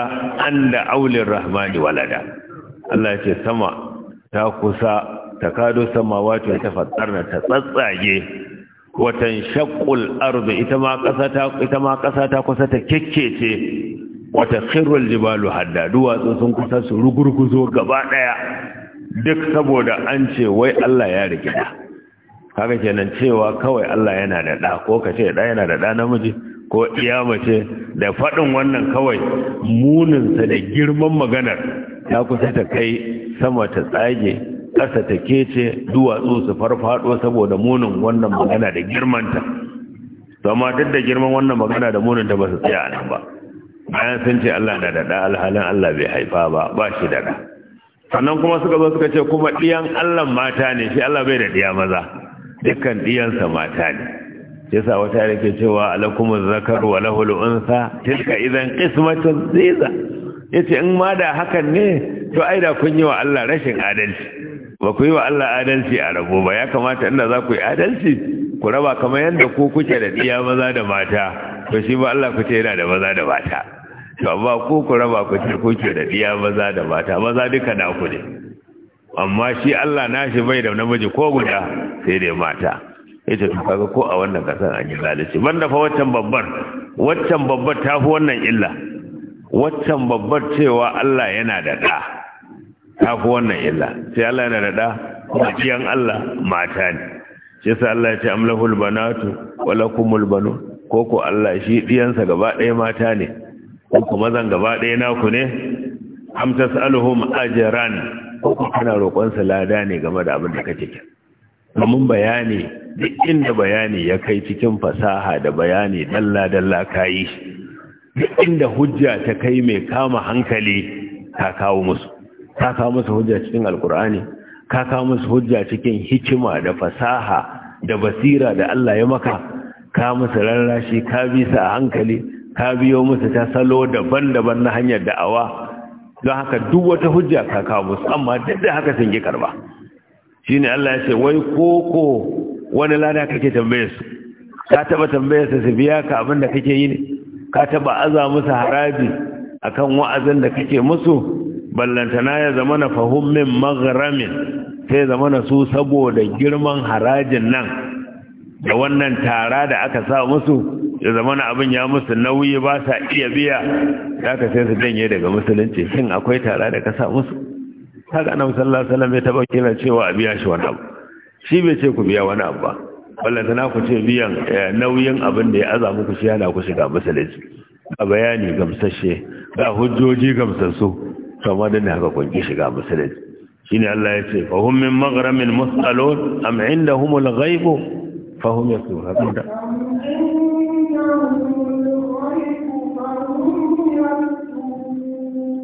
an da aulin rahmani walada Allah ce sama ta kusa ta kado sama wato ta fatsarna ta tsattsage. watan shakul arzu ita ma kasa ta kusa ta kekkece wata khirul jibalu hadda duwatsu sun kusa su rugurguzo gaba daya duk saboda an ce wai Allah ya rigida kaga kenan cewa kawai Allah yana da da ko kace da yana da da namiji ko iya mace da faɗin wannan kawai muninsa da girman maganar ya kusa ta kai sama ta tsage ƙasa ta kece duwatsu su farfaɗo saboda munin wannan magana da girmanta zama duk da girman wannan magana da munin ta ba su tsaya a nan ba bayan sun ce Allah na da alhalin Allah bai haifa ba ba shi da da. sannan kuma suka zo suka ce kuma ɗiyan Allah mata ne shi Allah bai da ɗiya maza dukkan ɗiyansa mata ne yasa wata yake cewa alakumuz zakar wa lahul unsa tilka idan qismatun ziza yace in ma da hakan ne to ai da kun yi wa Allah rashin adalci ba ku yi wa Allah adalci a rabo ba ya kamata inda za ku yi adalci ku raba kamar yadda ku kuke da iya maza da mata to shi ba Allah ku ce yana da maza da mata to amma ku ku raba ku ce kuke da iya maza da mata maza duka na ku ne amma shi Allah nashi bai da namiji ko guda sai dai mata ita kaga ko a wannan kasan an yi zalunci banda fa waccan babbar waccan babbar ta fi wannan illa waccan babbar cewa Allah yana da ɗa ta fi wannan illa sai Allah yana da da kuma Allah mata ne shi yasa Allah ya ce amlahul banatu wa lakumul ko koko Allah shi diyansa gaba ɗaya mata ne ko zan gaba ɗaya naku ne am tas'aluhum ajran ko kana roƙon lada ne game da abin da kake kira domin bayani duk inda bayani ya kai cikin fasaha da bayani dalla-dalla kayi duk inda hujja ta kai mai kama hankali ka kawo musu Ka kawo musu hujja cikin alkur'ani ka kawo musu hujja cikin hikima da fasaha da basira da Allah ya maka ka musu rarrashi ka bi su a hankali ka biyo musu ta salo daban-daban na hanyar da'awa don haka duk wata hujja ka kawo musu amma duk da haka sun yi karba shine Allah ya ce wai koko wani lada kake tambaye su ka taba tambaye su su biya ka abin da kake yi ne ka taba aza musu haraji akan wa'azin da kake musu ballantana ya zama na fahimmin magharamin sai zama na su saboda girman harajin nan da wannan tara da aka sa musu ya zama na abin ya musu nauyi ba sa iya biya da kasance sai su danye daga musulunci shin akwai tara da ka sa musu kaga annabi sallallahu alaihi wasallam ya taba kira cewa a biya shi wani abu shi bai ce ku biya wani abu ba ballanta tana ku ce biyan eh, nauyin abin da ya aza muku shi yana ku shiga masallaci a bayani gamsashe ga hujjoji gamsassu kamar da haka kunki shiga masallaci shine Allah ya ce fahum min maghramin mus'alun am indahumul ghaib fahum yasbahun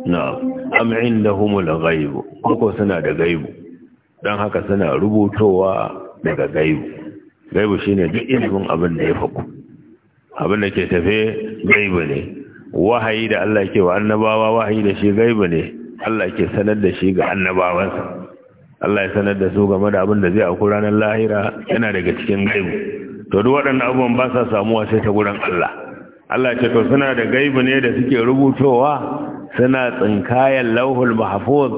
na am da humul gaibu koko suna da gaibu don haka suna rubutowa daga gaibu gaibu shine duk ilimin abin da ya faku abin da ke tafe gaibu ne wahayi da Allah ke wa annabawa wahayi da shi gaibu ne Allah ke sanar da shi ga annabawansa Allah ya sanar da su game da abin da zai auku ranar lahira yana daga cikin gaibu to duk waɗannan abubuwan ba sa samuwa sai ta gurin Allah Allah ce to suna da gaibu ne da suke rubutowa suna tsinkayen lauhul mahfuz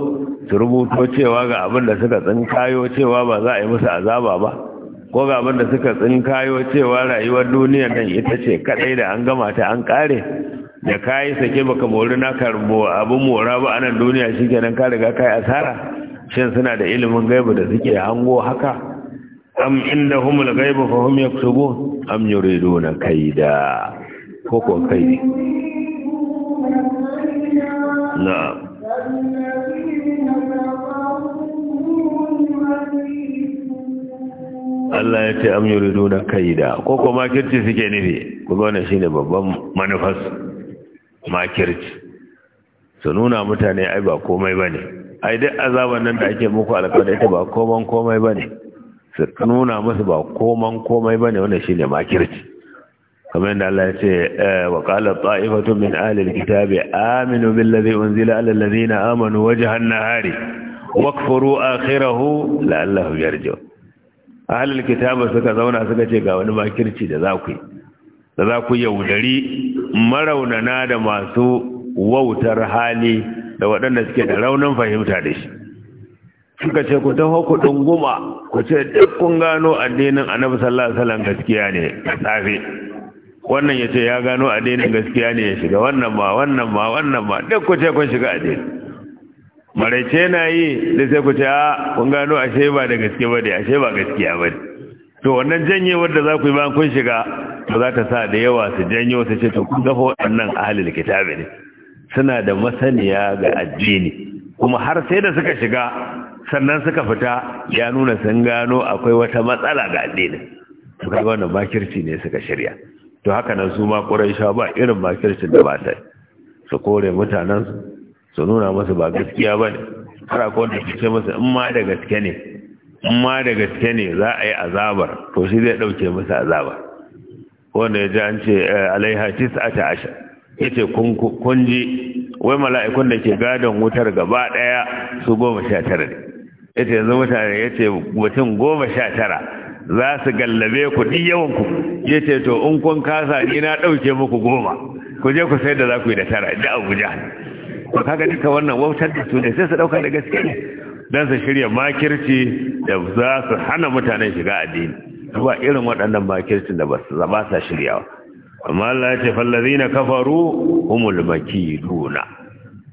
su rubuto cewa ga abin da suka tsinkayo cewa ba za a yi musu azaba ba ko ga abin da suka tsinkayo cewa rayuwar duniyar nan ita ce kadai da an gama ta an kare da kayi sake baka mori na karbo abin mora ba a nan duniya shikenan ka riga kai asara shin suna da ilimin gaibu da suke hango haka am indahumul ghaibu fa hum yaktubun am yuriduna kaida ko ko kai. Allah ya ce am yuriduna kaida ko ko makirci suke nufi ga wannan shine babban manufas makirci su nuna mutane ai ba komai bane ai duk azaban nan da ake muku alƙawari ita ba koman komai bane su nuna musu ba koman komai bane wannan shine makirci kamar yadda Allah ya ce eh, wa qala ta'ifatu min ahli alkitabi aminu billazi unzila ala allazina amanu wajhan nahari wakfuru akhirahu la'allahu yarji'un ahli alkitabi suka zauna suka ce ga wani makirci da za ku yi da za ku yaudari maraunana da masu wautar hali da waɗanda suke da raunin fahimta da shi suka ce ku taho ku dunguma ku ce duk kun gano addinin annabi sallallahu alaihi wasallam gaskiya ne wannan ya ce ya gano addinin gaskiya ne ya shiga wannan ma wannan ma wannan ma duk ku ce kun shiga addini maraice na yi da sai ku ce a kun gano ashe ba da gaske ba da ashe ba gaskiya ba ne to wannan janyewar da za ku yi bayan kun shiga to za ta sa da yawa su janyo su ce to kun gafa waɗannan ahalil kitabi ne suna da masaniya ga addini kuma har sai da suka shiga sannan suka fita ya nuna sun gano akwai wata matsala ga addinin to kaga wannan bakirci ne suka shirya to haka nan su ma ƙuraisha ba irin makircin da ba ta yi su kore mutanen su nuna masu ba gaskiya ba ne har akwai wanda su ce masu in ma da gaske ne in ma da gaske ne za a yi azabar to shi zai ɗauke musu azabar wanda ya ji an ce eh, alaiha tis'ata asha yace kun kun ji wai mala'ikun da ke gadon wutar gaba daya su 19 ne yace yanzu mutane yace mutum 19 za su gallabe ku duk yawan ku ya ce to in kun kasa ni na ɗauke muku goma ku je ku sai da za ku yi da tara da abuja to kaga duka wannan wautar da su ne sai su ɗauka da gaske ne don su shirya makirci da za su hana mutanen shiga addini zuwa irin waɗannan makircin da ba zaba sa shiryawa amma Allah ya ce fallazina kafaru humul makiduna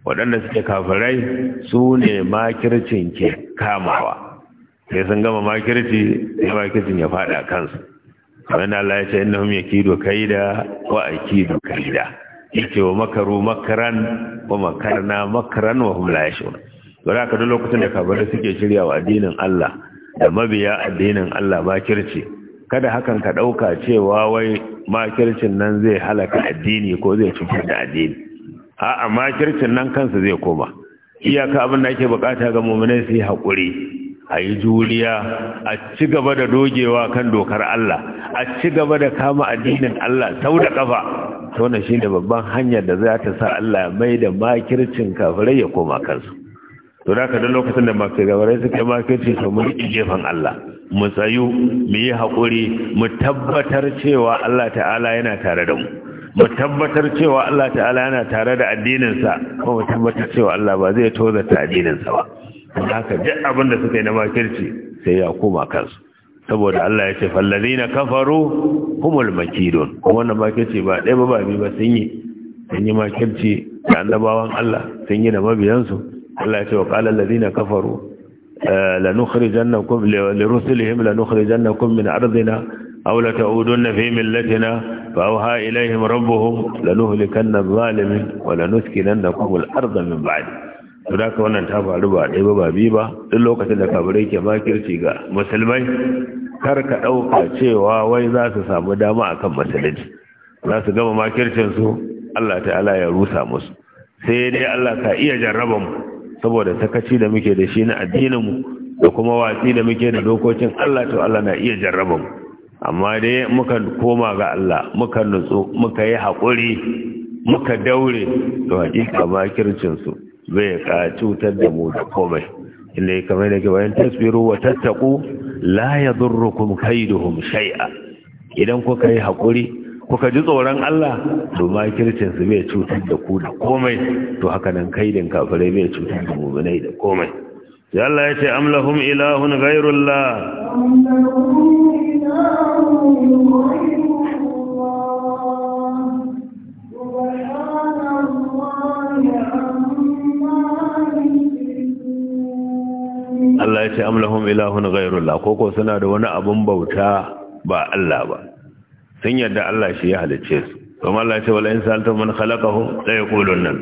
waɗanda suke kafirai su ne makircin ke kamawa sai sun gama makirci ya makircin ya fada kansu wani Allah ya ce inna hum yakidu kaida wa akidu kaida yace wa makaru makaran wa makarna makaran wa hum la yashur don ka duk lokacin da kafirai suke shirya wa addinin Allah da mabiya addinin Allah makirci kada hakan ka dauka cewa wai makircin nan zai halaka addini ko zai cutar da addini a'a makircin nan kansa zai koma iyaka abin da ake bukata ga mu'minai su yi haƙuri a yi juriya a ci gaba da dogewa kan dokar Allah a ci gaba da kama addinin Allah sau da kafa tona shi da babban hanyar da za ta sa Allah mai da makircin kafirai ya koma kansu to da ka da lokacin da kafirai suka yi makirci su mun yi jefan Allah mu tsayu mu yi haƙuri mu tabbatar cewa Allah ta'ala yana tare da mu mu tabbatar cewa Allah ta'ala yana tare da addininsa kuma mu tabbatar cewa Allah ba zai addinin addininsa ba haka duk abin da suka yi na makirci sai ya koma kansu saboda Allah ya ce fallazina kafaru humul makidun wannan makirci ba ɗaya ba ba biyu ba sun yi sun yi makirci da annabawan Allah sun yi da mabiyansu Allah ya ce wa qala allazina kafaru eh, lanukhrijannakum lirusulihim lanukhrijannakum min ardina aw la ta'udunna fi millatina fa awha ilayhim rabbuhum lanuhlikanna adh-dhalimin wa lanuskilannakum al-ardha min ba'di da ka wannan ta faru ba ɗaya ba ba biyu ba duk lokacin da kafirai ke makirci ga musulmai kar ka ɗauka cewa wai za su samu dama akan musulunci za su gama makircin su Allah ta'ala ya rusa musu sai dai Allah ka iya jarraba mu saboda sakaci da muke da shi na addinin mu da kuma watsi da muke da dokokin Allah to Allah na iya jarraba mu amma dai muka koma ga Allah muka nutsu muka yi haƙuri muka daure to hakika makircin su bai ka cutar da mu da komai inda kamar da ke bayan tasbiru wa tattaku la yadurrukum kaiduhum shay'a idan kuka yi hakuri kuka ji tsoron Allah to makircin su bai cutar da ku da komai to haka nan kaidin kafirai bai cutar da mu'minai da komai sai Allah ya ce am ilahun ghayrullah ce am lahum ilahun ghayrullah ko ko suna da wani abun bauta ba Allah ba sun yarda Allah shi ya halicce su kuma Allah ce wala in sa'altum man khalaqahu la yaqulunna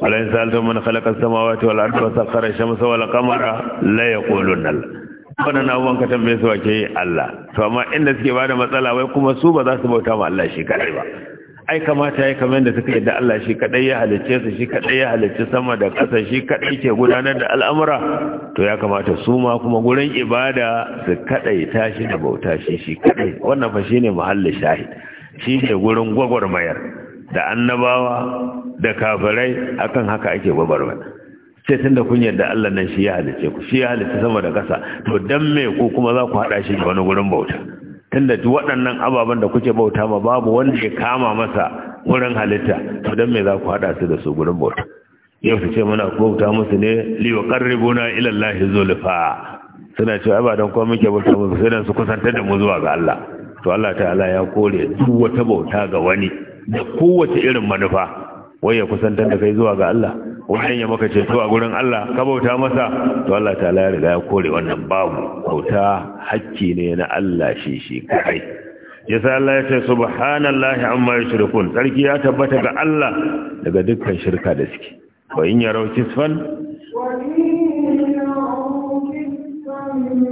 wala in sa'altum man khalaqa as-samawati wal arda wa sakhara ash-shamsa wal qamara la yaqulunna wannan abubuwan ka tambaye su wake Allah to amma inda suke bada matsala wai kuma su ba za su bauta ma Allah shi kadai ba ai kamata ya kamar da suka yadda Allah shi kadai ya halicce su shi kadai ya halicce sama da ƙasa shi kadai ke gudanar da al'amura to ya kamata su ma kuma gurin ibada su kadai tashi da bauta shi shi kadai wannan fa shine muhalli shahid shi ne gurin gwagwarmayar da annabawa da kafirai akan haka ake gwagwarmaya sai da kun yadda Allah nan shi ya halicce ku shi ya halicce sama da ƙasa to dan me ku kuma za ku hada shi da wani gurin bauta tunda waɗannan ababen da kuke bauta ma babu wanda ya kama masa wurin halitta to dan me za ku hada su da su gurin bauta yau su ce muna bauta musu ne li yuqarribuna ila zulfa suna cewa ba dan kuma muke bauta musu sai dan su kusantar da mu zuwa ga Allah to Allah ta'ala ya kore duk wata bauta ga wani da kowace irin manufa wai ya kusantar da kai zuwa ga Allah wannan ya maka ceto a gurin Allah ka bauta masa to Allah ta ya riga ya kore wannan babu bauta hakki ne na Allah shi shi kai sa Allah ya ce subhanallahi amma yushrikun sarki ya tabbata ga Allah daga dukkan shirka da suke wa in yarau kisfan wa in yarau kisfan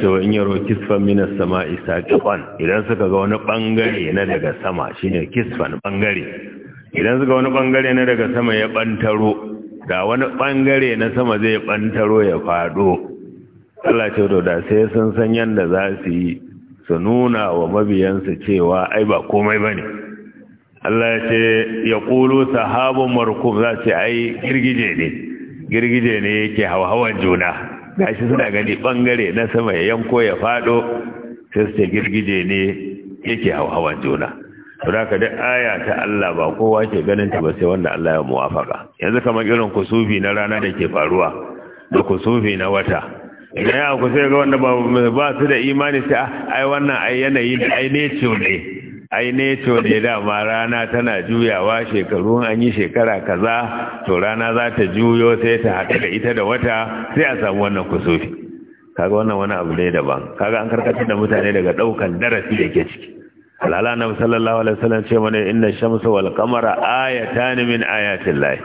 ce wa in yaro kisfan minas isa saqifan idan suka ga wani bangare na daga sama shi ne kisfan bangare idan suka wani bangare na daga sama ya bantaro da wani bangare na sama zai bantaro ya fado Allah ce to da sai sun san yanda za su yi su nuna wa mabiyansu cewa ai ba komai bane Allah ya ce ya kulu sahabun markum za su ai girgije ne girgije ne yake hawa-hawan juna gashi suna gani bangare na sama ya yanko ya fado sai su ce girgije ne yake hawan juna saboda da aya ta Allah ba kowa ke ganin ta ba sai wanda Allah ya muwafaka yanzu kamar irin kusufi na rana da ke faruwa da kusufi na wata idan ya ku sai ga wanda ba su da imani sai ah, ai wannan ai yanayi ai ne ne ai neto ne dama rana tana juyawa shekaru an yi shekara kaza to rana za ta juyo sai ta haɗu da ita da wata sai a samu wannan kusufi kaga wannan wani abu ne daban kaga an karkatar da mutane daga ɗaukan darasi da ke ciki alala na musallallahu alaihi wasallam ce mana inna shamsa wal qamara ayatan min ayatin lahi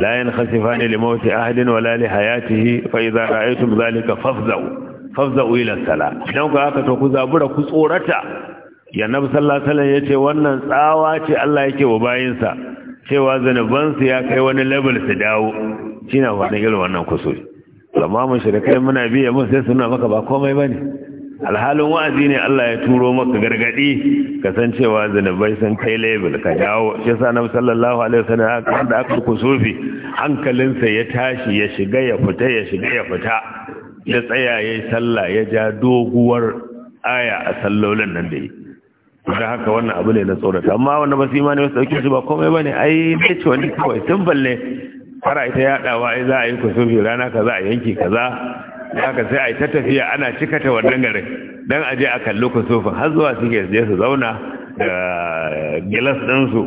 la yankhasifani li mawti ahadin wala li hayatihi fa idza ra'aytum dhalika fafza'u fafza'u ila salat dan ku haka to ku zabura ku tsorata ya nabi sallallahu alaihi ya ce wannan tsawa ce Allah yake wa bayinsa cewa zanubansu ya kai wani level su dawo shi na irin wannan kusuri amma mun kai muna biya mun sai suna maka ba komai bane alhalin wa'azi ne Allah ya turo maka gargadi cewa zanubai sun kai level ka dawo shi yasa nabi sallallahu alaihi wasallam da aka kusufi hankalinsa ya tashi ya shiga ya fita ya shiga ya fita ya tsaya sallah ya ja doguwar aya a sallolin nan da yi da haka wannan abu ne na tsorata amma wannan ba su imani ba su ba komai ba ne ai ne ce wani kawai tun balle fara ita yaɗawa ai za a yi kusurfi rana kaza a yanki kaza haka sai a yi ta tafiya ana cikata wannan gare don a je a kalli kusurfin har zuwa suke je su zauna da gilas ɗinsu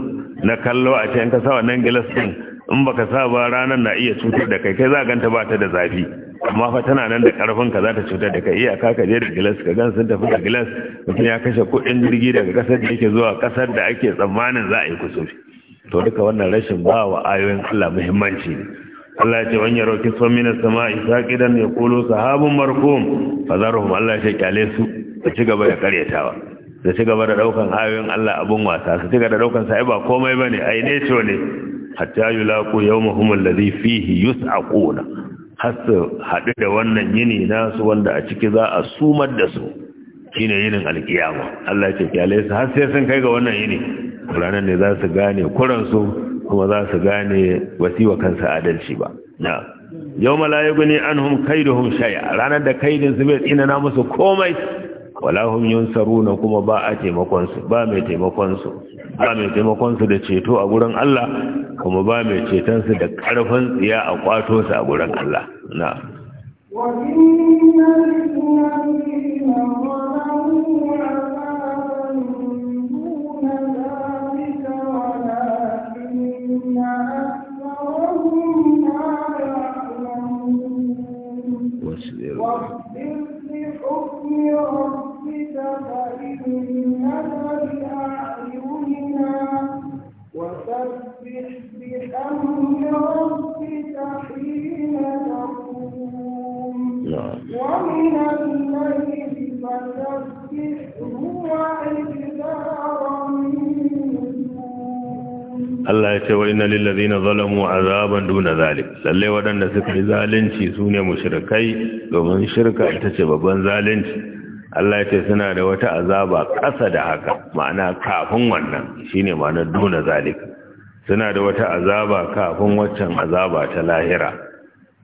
na kallo a ce in ka sa wannan gilas ɗin in baka sa ba ranar na iya cutar da kai kai za a ganta ba ta da zafi amma fa tana nan da karfin ka za ta cutar da kai iyaka ka je da gilas ka gan sun tafi da gilas mutum ya kashe kuɗin jirgi daga kasar da yake zuwa kasar da ake tsammanin za a yi kusurci to duka wannan rashin ba wa ayoyin Allah muhimmanci ne Allah ya ce wani yaro kisfan mina sama isa kidan ya kulo sahabun markum fazaruhum Allah ya kyale su da ci gaba da karyatawa da ci gaba da daukan ayoyin Allah abun wasa su ci gaba da daukan sai ba komai bane ai ne to ne hatta yulaqu yawmahum alladhi fihi yus'aquna har su haɗu da wannan yini nasu wanda a ciki za a sumar da su shine yinin alkiyama Allah ce kyale su har sai sun kai ga wannan yini ranar ne za su gane kuransu kuma za su gane wasiwa kansa adalci ba na yau malayi gani an hum kaiduhum shay'a ranar da kaidin su bai na musu komai wala hum yunsaruna kuma ba a taimakon su ba mai taimakon su ba mai taimakon su da ceto a gurin Allah kuma ba mai ceton su da karfin tsiya a kwato su a gurin Allah na wa inna lillahi فإنك بأعيننا وسبح Allah ya ce wa inna lillazina zalamu zaben duna zalik lalle waɗanda suka yi zalunci sune mushrikai domin shirka ita ce babban zalunci Allah ya ce suna da wata azaba ƙasa da haka ma'ana kafin wannan shine ma'ana duna zalik suna da wata azaba kafin waccan azaba ta lahira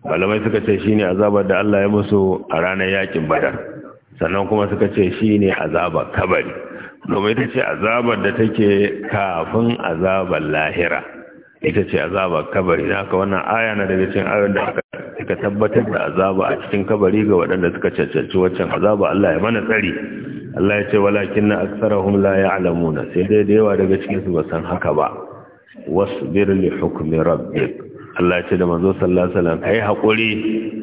malamai suka ce shine azabar da Allah ya musu a ranar yakin badar sannan kuma suka ce shine azabar kabari domin ita ce azabar da take kafin azabar lahira ita ce azaba kabari na haka wannan aya na daga cikin ayoyin da aka tabbatar da azaba a cikin kabari ga waɗanda suka cancanci waccan azaba Allah ya mana tsari Allah ya ce walakin na aksarahum la ya'lamuna sai dai da yawa daga cikin su ba san haka ba wasbir li hukmi rabbik Allah ya ce da manzo sallallahu alaihi wasallam kai hakuri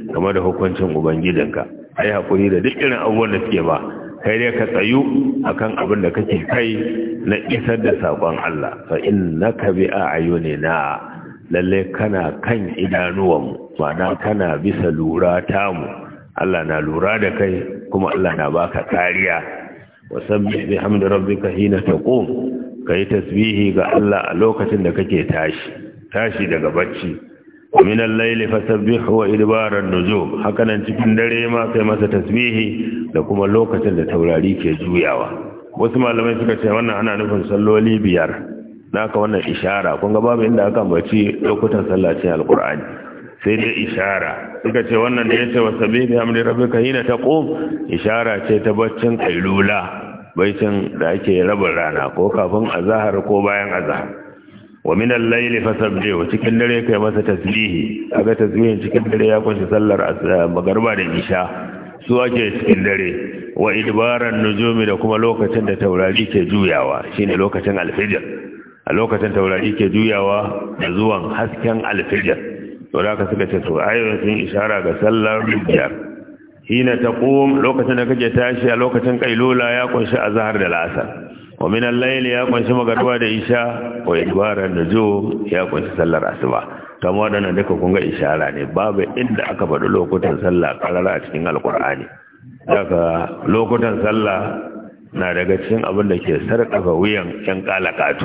game da hukuncin ubangidanka kai hakuri da duk irin abubuwan da suke ba kai dai ka tsayu akan abin da kake kai na isar da sakon Allah fa innaka bi a'yunina lalle kana kan idanuwanmu ma'ana kana bisa lura ta mu. Allah na lura da kai kuma Allah na baka kariya wasabbih bihamdi rabbika hina taqum kai tasbihi ga Allah a lokacin da kake tashi tashi daga bacci ومن الليل فسبحه وإدبار النجوم Hakanan cikin dare ma kai masa tasbihi da kuma lokacin da taurari ke juyawa wasu malamai suka ce wannan ana nufin salloli biyar naka wannan ishara kun ga babu inda aka ambaci lokutan sallah cikin alqur'ani sai dai ishara suka ce wannan da yace wa sabbihi hamdi rabbika hina taqum ishara ce ta baccin kailula baicin da ake raba rana ko kafin azhar ko bayan azhar wa min al-layli fasabbih wa cikin dare kai masa tasbihi aga tasbihin cikin dare ya kunshi sallar magariba da isha su ake cikin dare wa idbaran nujumi da kuma lokacin da taurari ke juyawa shine lokacin alfijir a lokacin taurari ke juyawa da zuwan hasken alfijir to da ka suka ce to ayoyin sun ga sallar biyar hina taqum lokacin da kake tashi a lokacin kailula ya kunshi azhar da la'asar ومن الليل يا ya kunshi magariba da isha wa idbaran nujum ya kunshi sallar asuba to wadannan duka kun ga ishara ne babu inda aka faɗi lokutan sallah karara a cikin alqur'ani daga lokutan sallah na daga cikin abin da ke sarƙafa wuyan yan kalakatu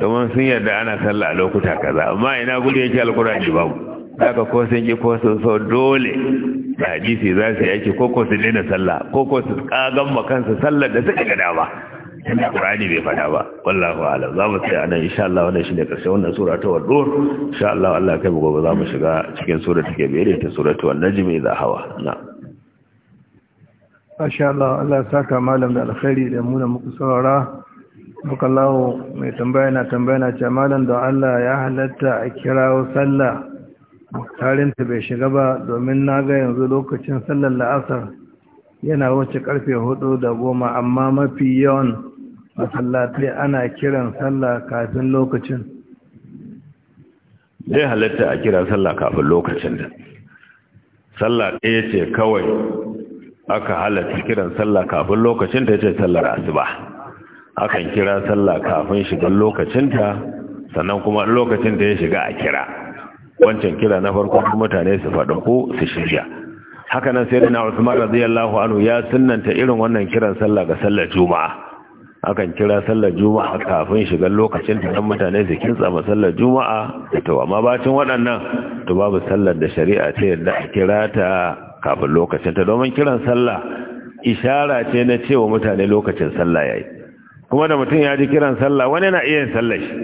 domin sun yarda ana sallah a lokuta kaza amma ina gudu yake alqur'ani babu daga ko sun ki ko sun so dole hadisi za su yake ko ko su daina sallah ko ko su kagan makansa sallar da suka ga dama yana ƙurani bai fada ba wallahu alam za mu tsaya nan insha Allah wannan shine karshe wannan sura ta wadur insha Allah Allah kai mu gobe za mu shiga cikin sura take da ta ta an-najm idha hawa na insha Allah Allah saka malam da alkhairi da mu da muku saurara muka lawo mai tambaya na tambaya na ce malam da Allah ya halatta a kirawo sallah ta bai shiga ba domin na ga yanzu lokacin sallar la'asar yana wuce karfe hudu da goma amma mafi yawan masallatai ana kiran sallah kafin lokacin zai halatta a kiran sallah kafin lokacin da sallah ɗaya ce kawai aka halatta kiran sallah kafin lokacin ta ce sallar asuba akan kira sallah kafin shigar lokacinta sannan kuma lokacin da ya shiga a kira wancan kira na farko mutane su faɗi ko su shirya haka nan sai na Usman radiyallahu anhu ya sunnanta irin wannan kiran sallah ga sallar juma'a akan kira sallar juma'a kafin shigar lokacin da dan mutane su kinsa sallar juma'a to amma bacin waɗannan to babu sallar da shari'a ta yadda a kira ta kafin lokacin ta domin kiran sallah ishara ce na cewa mutane lokacin sallah yayi kuma da mutum ya ji kiran sallah wani na iya yin sallar shi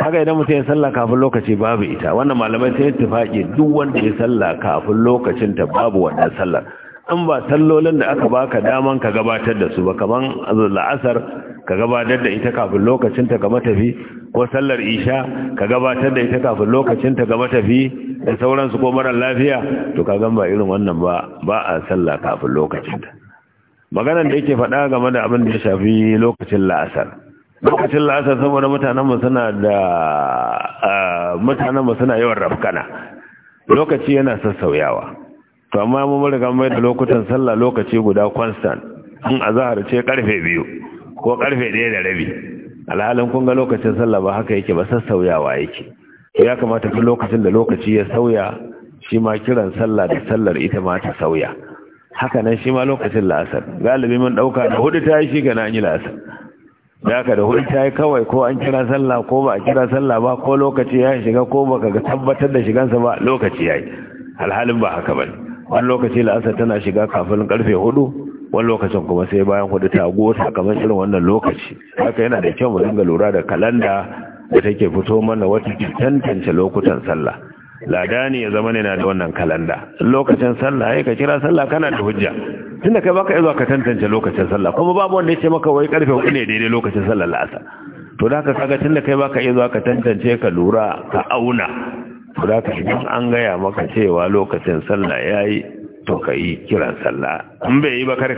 kaga idan mutum ya sallah kafin lokaci babu ita wannan malamai sai ittifaqi duk wanda ya sallah kafin lokacin ta babu wannan sallar an ba sallolin da aka baka daman ka gabatar da su ba kaman la'asar ka gabatar da ita kafin lokacin ta ga matafi ko sallar isha ka gabatar da ita kafin lokacin ta ga matafi da sauransu ko mara lafiya to ka gan ba irin wannan ba ba a sallah kafin lokacin ta maganar da yake faɗa game da abin da ya shafi lokacin la'asar lokacin la'asar saboda mutanenmu suna da mu suna yawan rafkana lokaci yana sassauyawa to amma mun riga mai da lokutan sallah lokaci guda constant in azhar ce karfe biyu ko karfe ɗaya da rabi alhalin kun ga lokacin sallah ba haka yake ba sassauyawa yake ya kamata duk lokacin da lokaci ya sauya shi ma kiran sallah da sallar ita ma ta sauya haka nan shi ma lokacin la'asar galibi mun dauka da hudu ta yi shi ga nan yi la'asar da haka da hudu ta yi kawai ko an kira sallah ko ba a kira sallah ba ko lokaci ya shiga ko baka ka tabbatar da shigansa ba lokaci ya yi alhalin ba haka bane wani lokaci la'asar tana shiga kafin karfe hudu wani lokacin kuma sai bayan hudu ta gota kamar shirin wannan lokaci haka yana da kyau mu dinga lura da kalanda da take fito mana wata tantance lokutan sallah ladani ya zama ne na da wannan kalanda lokacin sallah ya ka kira sallah kana da hujja tunda kai baka zuwa ka tantance lokacin sallah kuma babu wanda ya ce maka wai karfe hudu ne daidai lokacin sallah la'asar to da haka kaga tunda kai baka iya zuwa ka tantance ka lura ka auna za ka idan an gaya maka cewa lokacin sallah ya yi to ka yi kiran sallah in bai yi ba kai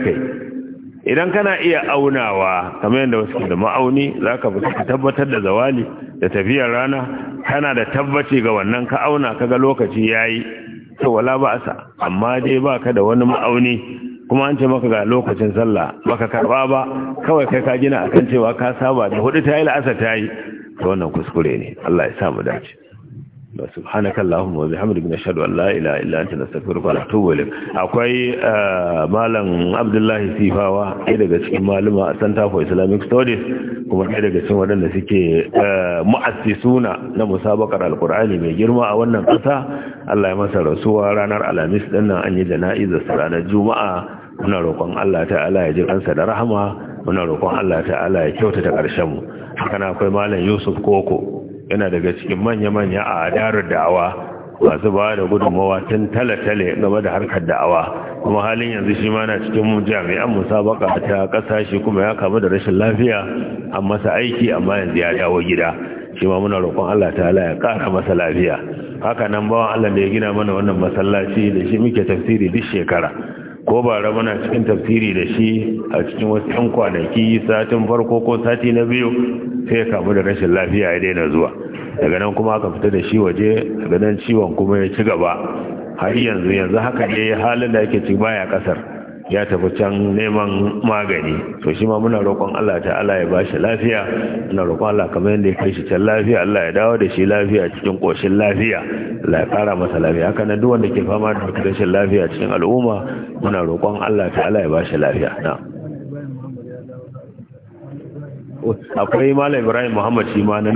idan kana iya aunawa kamar yadda wasu da ma'auni za ka tabbatar da zawali da tafiyar rana kana da tabbaci ga wannan ka auna ka ga lokaci ya yi to wala ba sa amma dai ba ka da wani ma'auni kuma an ce maka ga lokacin sallah baka karba ba kawai kai ka gina akan cewa ka saba da hudu ta yi la'asa ta yi to wannan kuskure ne Allah ya sa mu dace سبحانك اللهم وبحمدك نشهد ان لا اله الا انت نستغفرك ونتوب اليك اكوي مالن akwai malam abdullahi sifawa ɗaya daga cikin maluma center for islamic studies kuma ɗaya daga cikin wadanda suke mu'assisuna na musabakar alqur'ani mai girma a wannan ƙasa Allah ya masa rasuwa ranar alhamis din nan an yi jana'izar ranar juma'a muna roƙon Allah ta'ala ya ji kansa da rahama muna roƙon Allah ta'ala ya kyautata ƙarshen mu haka na akwai malam Yusuf Koko yana daga cikin manya-manya a adarar da'awa masu ba da gudunmawa tun tale-tale game da harkar da'awa kuma halin yanzu shi ma na cikin jami'an musabaka ta kasashe kuma ya kamu da rashin lafiya a masa aiki amma yanzu ya dawo gida shi ma muna roƙon Allah ta ya ƙara masa lafiya haka nan bawan Allah da ya gina mana wannan masallaci da shi muke tafsiri duk shekara ko bara muna cikin tafsiri da shi a cikin wasu yan kwanaki satin farko ko sati na biyu sai ya kamu da rashin lafiya ya daina zuwa daga nan kuma aka fita da shi waje daga nan ciwon kuma ya ci gaba har yanzu yanzu haka ne halin da ake ci baya kasar ya tafi can neman magani to shi ma muna roƙon Allah ta'ala ya ba shi lafiya muna roƙon Allah kamar yadda ya kai shi can lafiya Allah ya dawo da shi lafiya cikin ƙoshin lafiya Allah ya ƙara masa lafiya haka nan duk wanda ke fama da rashin lafiya cikin al'umma muna roƙon Allah ta'ala ya ba lafiya na akwai malam ibrahim muhammad shi ma